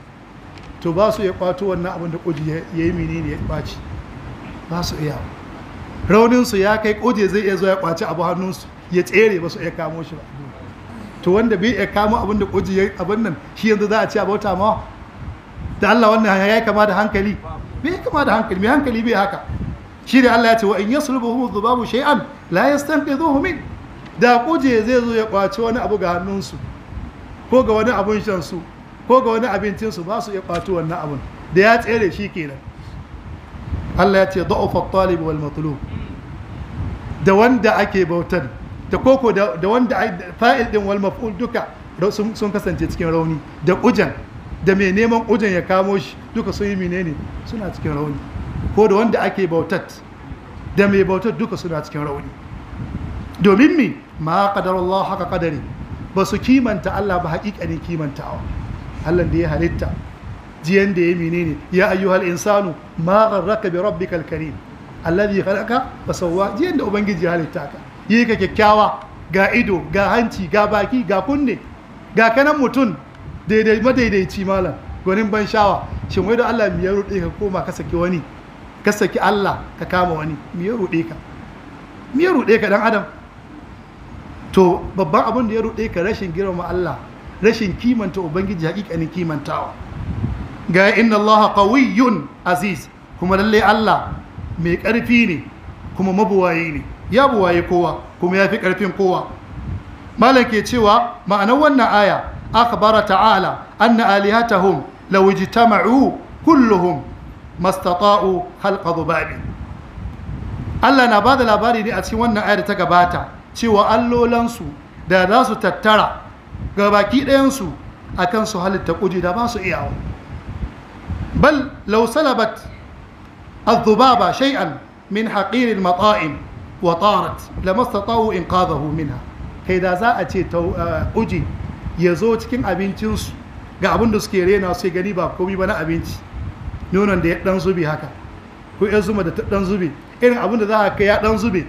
to ba su ya kwato wannan abin da kuje ya yi menene ya kwace ba su iya rauninsu ya kai kuje zai iya zo ya kwace abu hannunsu ya tsere ba su ya kamo shi ba to wanda bai ya kamo abin da koji ya abin nan shi yanzu za a ci a bauta ma da Allah wannan ya yi kama da hankali bai kama da hankali mai hankali bai haka shi da Allah ya ce wa in yaslubuhum dhubabu shay'an la yastanqidhuhu min da kuje zai zo ya kwaci wani abu ga hannunsu ko ga wani abun shan su ko ga wani abincin su ba su iya kwaci wannan abin da ya tsere shi kenan Allah ya ce da'ufa talib wal matlub da wanda ake bautar da koko da wanda fa'il din wal maf'ul duka sun kasance cikin rauni da ujan da mai neman ujan ya kamo shi duka sun yi menene suna cikin rauni ko da wanda ake bautat da mai bautat duka suna cikin rauni domin mi ma qadarullah haka qadari ba su kimanta Allah ba haƙiƙanin kimantawa Allah da ya halitta jiyan da ya yi menene ya ayyuhal insanu ma gharraka bi rabbikal karim alladhi khalaqa fa sawwa jiyan da ubangiji ya halitta ka yi ka kyakkyawa ga ido ga hanci ga baki ga kunne ga kanan mutum daidai madaidaici malam gwanin ban shawa shin wai da Allah ya ruɗe ka koma ka saki wani ka saki Allah ka kama wani ya ruɗe ka ya ruɗe ka dan adam to babban abin da ya ruɗe ka rashin girma Allah rashin kimanta ubangiji hakikanin kimantawa ga inna Allah qawiyyun aziz kuma lallai Allah mai ƙarfi ne kuma mabuwaye ne ya buwaye kowa kuma ya fi ƙarfin kowa malam ke cewa ma'anar wannan aya akhbara ta'ala anna alihatahum law ijtama'u kulluhum mastata'u halqa dhubabi Allah na bada labari ne a cikin wannan da ta gabata cewa allolansu da za su tattara ga baki ɗayansu a kan su halitta kuji da ba su iyawa bal law salabat adh-dhubaba shay'an min haqirin mata'im Wa وطارت لما استطاعوا إنقاذه منها kai da za a ce ta uh, uji ya zo cikin abincinsu ga abin da suke rena sai gani ba komi ba na abinci nonon da ya dan zube haka ko ya zuma da ta dan zube irin abin da za a kai ya dan zube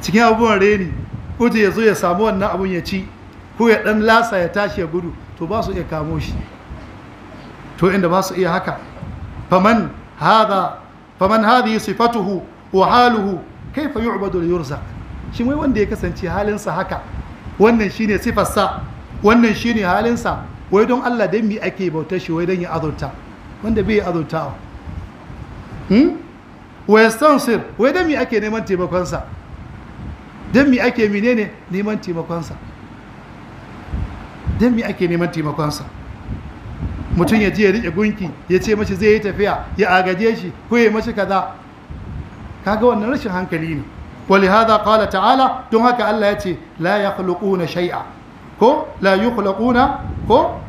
cikin abubuwan reni uji ya zo ya samu wannan abin ya ci ko ya dan lasa ya tashi ya gudu to ba su iya kamo shi to inda ba su iya haka faman haɗa faman hadhihi sifatuhu wa fa yi yu'badu li yurzaq shi mai wanda ya kasance halinsa haka wannan shine sifarsa wannan shine halinsa wai don Allah dan mi ake bauta shi wai don ya azurta wanda bai azurtawa hmm wa sir wai dan mi ake neman taimakonsa dan mi ake menene neman taimakonsa dan mi ake neman taimakonsa mutum ya ji ya rike gunki ya ce mashi zai yi tafiya ya agaje shi ko ya mashi kaza kaga wannan rashin hankali ne wali hada qala ta'ala don haka Allah ya ce la yakhluquna shay'a ko la yakhluquna ko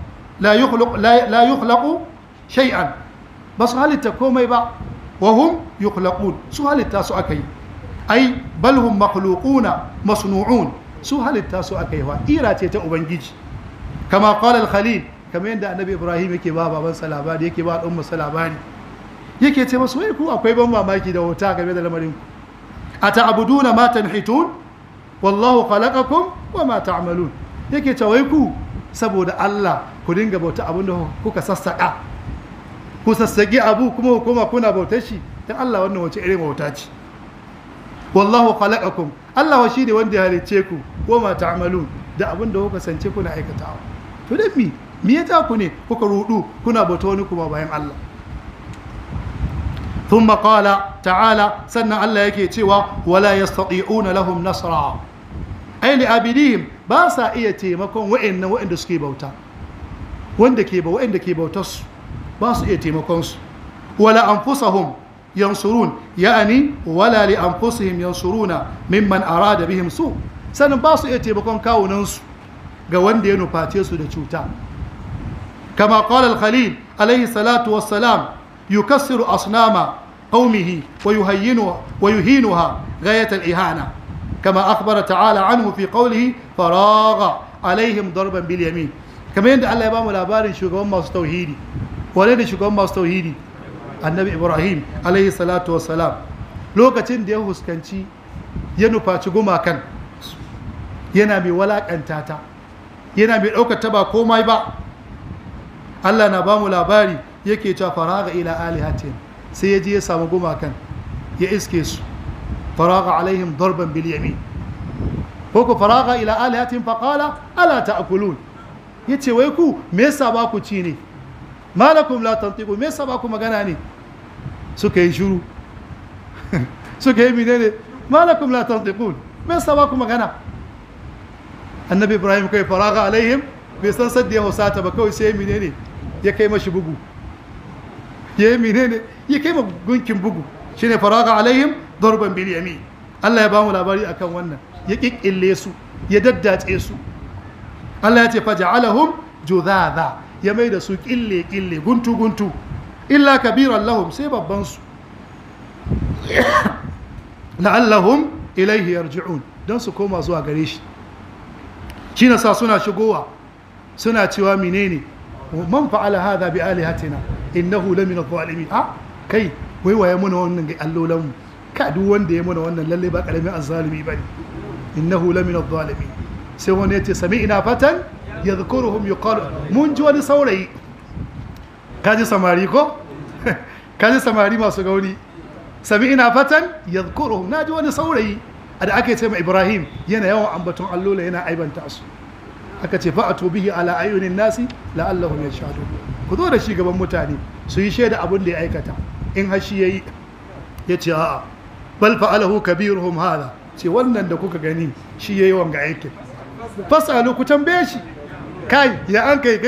ba su halitta komai ba wa hum su halitta su akai ai bal hum makhluquna masnu'un su halitta su akai wa ira ce ta ubangiji kama qala al khalil kamar yadda annabi ibrahim yake ba babansa labari yake ba al'umma labari yake ce masu wai akwai ban mamaki da wuta game da lamarin ku na matan hitun wallahu khalaqakum wa ma ta'malun yake ce wai ku saboda Allah ku dinga bauta abin da kuka sassaka ku sassaki abu kuma hukuma kuna bauta shi dan Allah wannan wace irin wauta ce wallahu khalaqakum Allah wa shi ne wanda ya halice ku wa ma ta'malun da abin da kuka sance kuna aikatawa to dan mi me ya ku ne kuka rudu kuna bauta wani kuma bayan Allah thumma qala ta'ala sannan Allah yake cewa wala yastati'una lahum nasra ay li abidihim ba sa iya taimakon wa'annan wa'anda suke bauta wanda ke ba ba su iya taimakon su wala anfusahum yansurun ya'ani wala li anfusihim yansuruna miman ara da su sannan ba su iya taimakon kawunan su ga wanda ya nuface su da cuta kama qala khalil alayhi salatu yukasiru asnama قومه ويهينها ويهينها غاية الإهانة كما أخبر تعالى عنه في قوله فراغ عليهم ضربا باليمين كما يند الله يبام لابار شغوان ما استوهيدي ولين شغوان ما استوهيدي النبي إبراهيم عليه الصلاة والسلام لوكتين ديه هسكنتي ينفع شغوما كان ينامي ولا أنتاتا ينامي أوكا تبا كوماي با الله نبام لاباري yake cewa faraga ila alihatin sai ya je ya samu gumakan ya iske su faraga alaihim darban bil yamin ko ku faraga ila alihatin faqala ala ta'kulun yace wai ku me yasa ba ku ci ne malakum la tantiqu me yasa ba ku magana ne suka yi shiru suka yi minene malakum la tantiqun me yasa ba ku magana annabi ibrahim kai faraga alaihim bai san sadda ya hausata ba kawai sai menene ya kai mashi bugu ya yi ya kai ma gunkin bugu shine faraga alaihim darban bil yamin Allah ya ba mu labari akan wannan ya kikkille su ya daddace Allah ya ce faja'alahum judhadha ya mai da su kille kille guntu guntu illa kabiran lahum sai babban su la'allahum ilaihi yarji'un don su koma zuwa gare shi shi sa suna shigowa suna cewa menene man fa'ala hadha bi alihatina innahu lamina zalimin a kai wai waye mana wannan ga allolan mu ka duk wanda ya mana wannan lalle ba karamin azzalimi bane innahu lamina zalimin sai wani ya ce sami'na fatan yadhkuruhum yuqalu mun ji wani saurayi kaji samari ko kaji samari masu gauri sami'na fatan yadhkuruhum naji wani saurayi da aka ce ma Ibrahim yana yawan ambaton allola yana aibanta su aka ce fa atubihi ala ayunin nasi la'allahum yashhadun ku zo da shi gaban mutane su yi shaida abin da ya aikata in har shi yayi ya ce a'a bal fa'alahu kabiruhum hada ce wannan da kuka gani shi yayi wanga aiki. fasalu ku tambaye shi kai ya an kai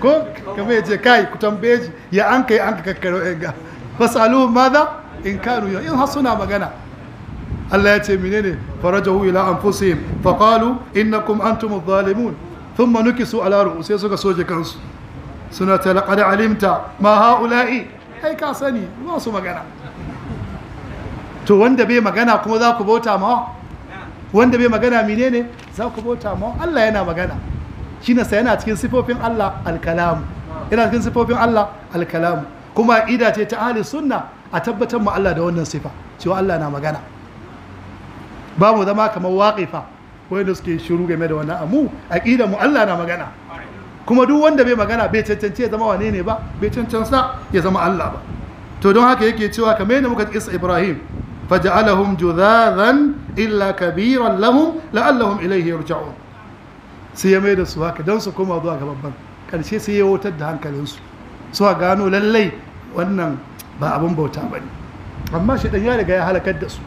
ko kamar yace kai ku tambaye shi ya an kai an kakkaro ga fasalu madha in kanu ya in har suna magana Allah ya ce menene farajahu ila anfusihim faqalu innakum antum adh-dhalimun thumma nukisu ala ru'usihim suka soje kansu suna ta laƙar alimta ma ha'ula'i ai ka sani ba su magana to wanda bai magana kuma za ku bauta ma wanda bai magana mine ne za ku bauta ma Allah yana magana shi na sa yana cikin sifofin Allah alkalamu yana cikin sifofin Allah alkalamu kuma ida ce ta ahli sunna a tabbatar mu Allah da wannan sifa cewa Allah na magana ba mu zama kamar waqifa wanda suke shiru game da wannan amu aqida mu Allah na magana kuma duk wanda bai magana bai cancanci ya zama wane ne ba bai cancansa ya zama Allah ba to don haka yake cewa kamar yadda muka isa Ibrahim faj'alahum judhadan illa kabiran lahum la'allahum ilayhi yarja'un sai ya mai da su haka don su koma zuwa ga babban karshe sai ya wutar da hankalinsu su a gano lallai wannan ba abin bauta ba ne amma shi ya riga ya halakar da su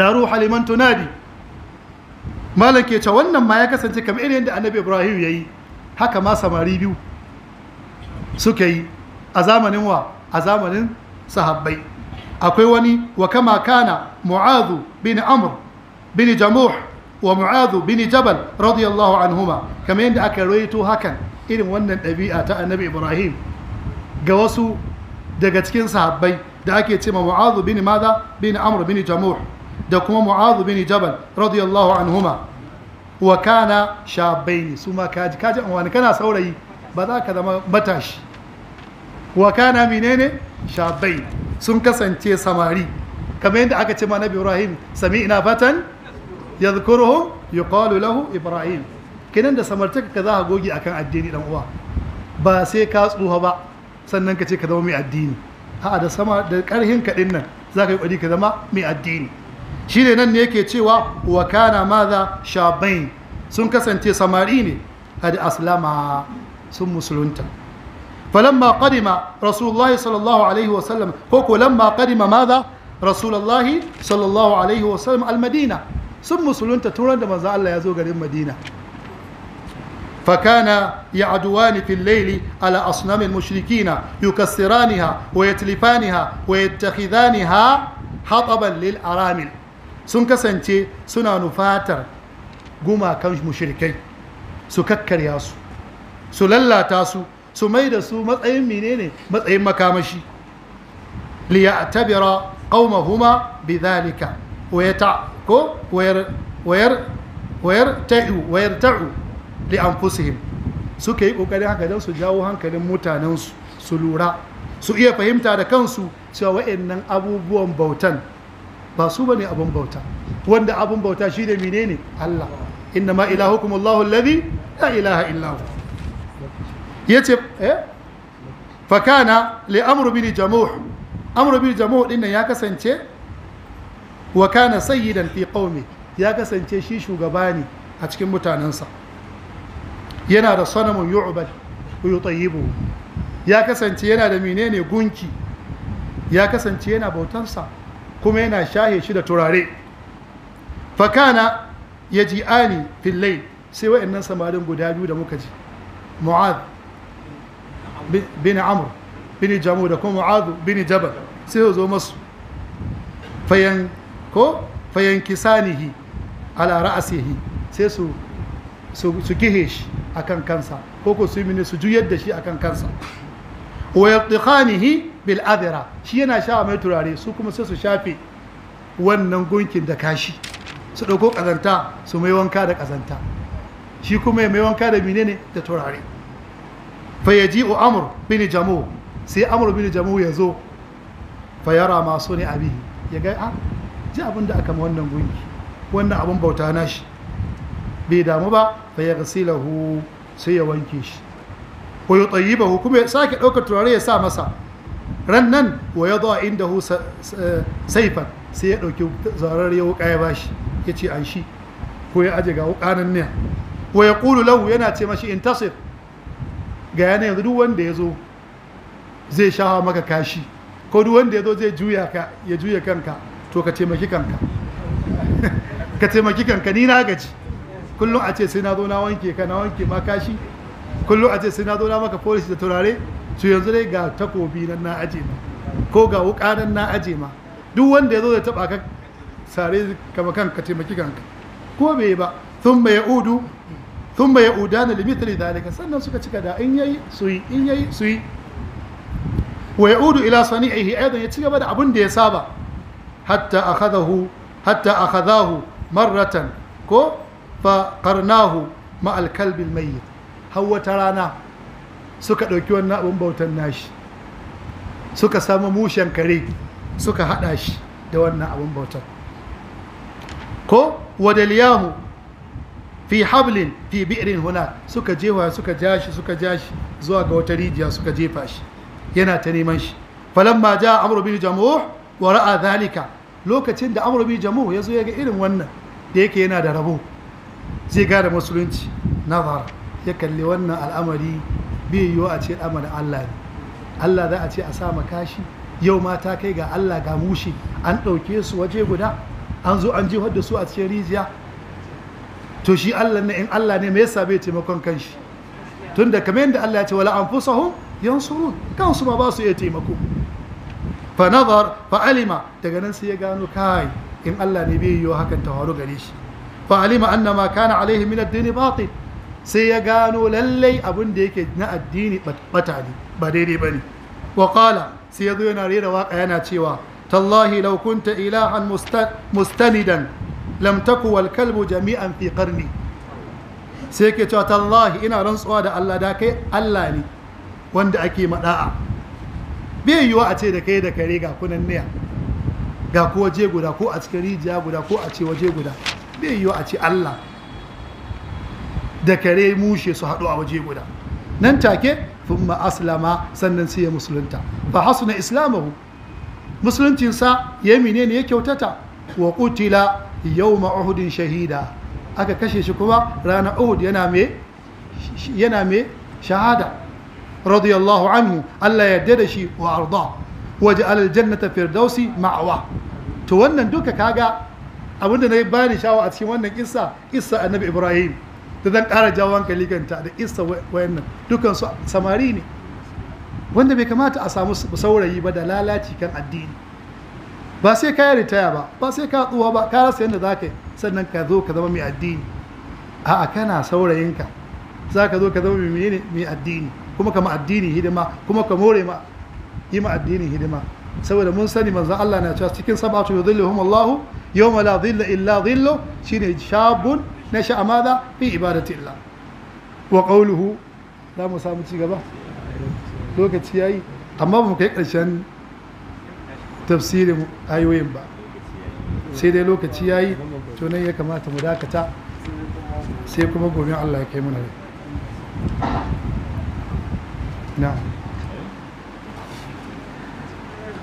la ruha liman tunadi malam ke ce wannan ma ya kasance kamar irin yadda annabi ibrahim ya yi haka ma samari biyu suka yi a zamanin wa a zamanin sahabbai akwai wani wa kama kana mu'adhu bin amr bin jamuh wa mu'adhu bin jabal radiyallahu anhuma kamar yadda aka rawaito hakan irin wannan ɗabi'a ta annabi ibrahim ga wasu daga cikin sahabbai da ake ce ma mu'adhu bin maza bin amr bin jamuh da kuma mu'azu bin jabal radiyallahu anhuma wa kana shabaini su ma kaji kaji an wani kana saurayi ba za ka zama matashi wa kana menene shabai sun kasance samari kamar yadda aka ce ma na ibrahim sami ina fatan ya yuqalu lahu ibrahim kinan da samartaka ka za ka goge akan addini dan uwa ba sai ka tsuha ba sannan ka ce ka zama mai addini a'a da sama da karhin ka nan za ka yi kwari ka zama mai addini shi ne nan ne ke cewa Wakana kana maza shabain sun kasance samari ne kada aslama sun musulunta falamma qadima rasulullahi sallallahu alaihi wa sallam ko ko lamma qadima maza rasulullahi sallallahu alaihi wa sallam almadina sun musulunta turan da maza Allah ya zo garin madina Fakana فكان يعدوان في ala على mushrikina المشركين يكسرانها ويتلفانها ويتخذانها lil للأرامل sun kasance suna nufatar gumakan mushirikai su kakkarya su su lallata su su mai da su matsayin menene matsayin makamashi liya'tabira qaumahuma bidhalika wayata ko wayar wayar ta'u wayar ta'u li anfusihim suka yi kokarin haka don su jawo hankalin mutanensu su lura su iya fahimta da kansu cewa wa'annan abubuwan bautan ba su bane abun bauta wanda abun bauta shi da menene Allah inna ma ilahukum Allahu alladhi la ilaha illa hu yace eh fakana li amru bin jamuh amru bin jamuh din ya kasance wa kana sayyidan fi qaumi ya kasance shi shugaba ne a cikin mutanansa. yana da sanamun yu'bal yutayyibu ya kasance yana da menene gunki ya kasance yana bautansa kuma yana shahe shi da turare fakana ya ji ani fillai sai wa'annan samarin guda biyu da muka ji mu'ad bin amur bin jamu da kuma mu'adu bin jabal sai zo masu fayan ko fayan kisanihi ala ra'asihi sai su su gihe shi akan kansa ko ko su yi mini su juyar da shi akan kansa wa yaqtikhanihi bil adra shi yana sha mai turare su kuma sai su shafe wannan gunkin da kashi su dauko kazanta su mai wanka da kazanta shi kuma ya mai wanka da menene da turare fa ji amr bin jamu sai amr bin jamu ya zo fa yara ma suni abi ya ga a ah, ji abin da aka ma wannan gunki wannan abin bauta nashi bai damu ba fa yaghsilahu sai ya wanke shi wa yutayyibahu kuma ya sake ɗaukar turare ya sa masa ran nan wa ya zuwa inda hu saifan sai ya ɗauki zarar ya wuƙa ya bashi ya ce an shi ko ya aje ga wuƙa nan ne wa ya ƙulu lahu yana ce mashi tasir ga yana yanzu duk wanda ya zo zai shawa maka kashi ko duk wanda ya zo zai juya ka ya juya kanka to ka taimaki kanka ka taimaki kanka ni na gaji kullum a ce sai na zo na wanke ka na wanke ma kashi kullum a ce sai na zo na maka polish da turare su yanzu dai ga takobi nan na aje ma ko ga wuka nan na aje ma duk wanda ya zo da taba ka sare kama ka taimaki kanka ko bai ba sun mai udu sun mai uda na limitri dalika sannan suka cika da in yayi su yi in yayi su yi wa ya udu ila sani'ihi aidan ya ci gaba da abin da ya saba hatta akhadahu hatta akhadahu marratan ko fa qarnahu ma al-kalb al-mayyit har wata rana suka ɗauki wannan abin bautan nashi suka samu mushen kare suka haɗa shi da wannan abin bautan ko wadaliyahu fi hablin fi bi'irin huna suka jewa suka ja suka ja zuwa ga wata rijiya suka jefa shi yana ta neman shi ma ja amru bin jamu wa ra'a dhalika lokacin da amru jamu ya zo ya ga irin wannan da yake yana da rabo zai gada musulunci nazar ya kalli wannan al'amari bai yiwu a ce al'amarin Allah ne Allah za a ce a sa makashi yau ma ta kai ga Allah ga mushi an ɗauke su waje guda an zo an jihar da su a cikin rijiya to shi Allah ne in Allah ne me yasa bai taimakon kanshi tunda kamar yadda Allah ya ce wala anfusahum yansurun kansu ma ba su iya taimako fa nazar fa alima daga nan sai ya gano kai in Allah ne bai yiwu hakan ta faru gare shi fa alima annama kana alaihi min ad-din batil sai ya gano lallai abin da yake na addini bata ne ba daidai ba ne waƙala sai ya zo yana rera waƙa yana cewa tallahi law kunta ilahan mustanidan lam taku wal kalbu jami'an fi qarni sai ke cewa tallahi ina rantsuwa da Allah da kai Allah ne wanda ake mada'a bai yiwa a ce da kai da kare ga kunan niya ga ko waje guda ko a cikin rijiya guda ko a ce waje guda bai yiwa a ce Allah da kare mushe su haɗu a waje guda nan take ma aslama sannan sai ya musulunta fa hasuna islamahu musuluncinsa ya menene ya kyautata wa qutila yau uhudin shahida aka kashe shi kuma ranar uhud yana me yana me shahada radiyallahu anhu Allah ya da shi wa arda waje aljannata firdausi ma'awa to wannan duka kaga abinda na bani shawa a cikin wannan kissa kissa annabi ibrahim da zan ƙara jawo hankali kanta da isa wayannan dukansu samari ne wanda bai kamata a samu saurayi ba da lalaci kan addini ba sai ka yi ritaya ba ba sai ka tsuwa ba ka rasa yadda za ka yi sannan ka zo ka zama mai addini a'a kana saurayinka za ka zo ka zama mai addini kuma kama addini hidima kuma ka more ma yi ma addini hidima saboda mun sani manzon Allah na cewa cikin sab'atu yudhilluhum Allah yawma la dhilla illa dhillu shine shabun nasha'a maza fi ibadati Allah wa qawluhu za mu samu ci gaba lokaci yayi amma ba kai karshen tafsirin ayoyin ba sai dai lokaci yayi to nan ya kamata mu dakata sai kuma gobe Allah ya kai mana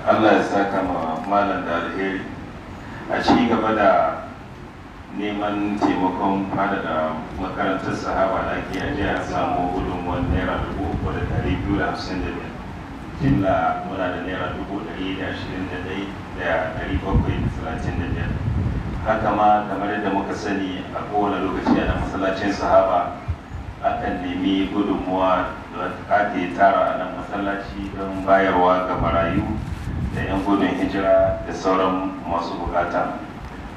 Allah ya saka ma malam da alheri a ci gaba da neman taimakon faɗaɗa makarantar sahaba da ake aje a samu wani naira dubu uku da dari biyu da hamsin da biyar da muna da naira dubu dari da ashirin da dai da dari bakwai da talatin da biyar haka ma kamar yadda muka sani a kowane lokaci a masallacin sahaba akan nemi gudunmuwa da ake tara a nan masallaci don bayarwa ga marayu da 'yan gudun hijira da sauran masu bukata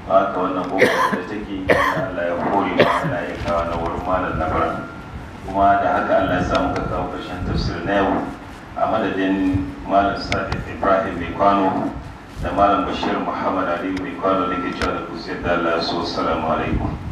ba ka wannan goma da take Allah ya kori mana ya kawo na wurin malam nabara kuma da haka Allah ya samu ka kawo ƙarshen tafsir na yau a madadin malam sadiq ibrahim mai kwano da malam bashir muhammad ali mai kwano da ke cewa da kusa da Allah ya so salamu alaikum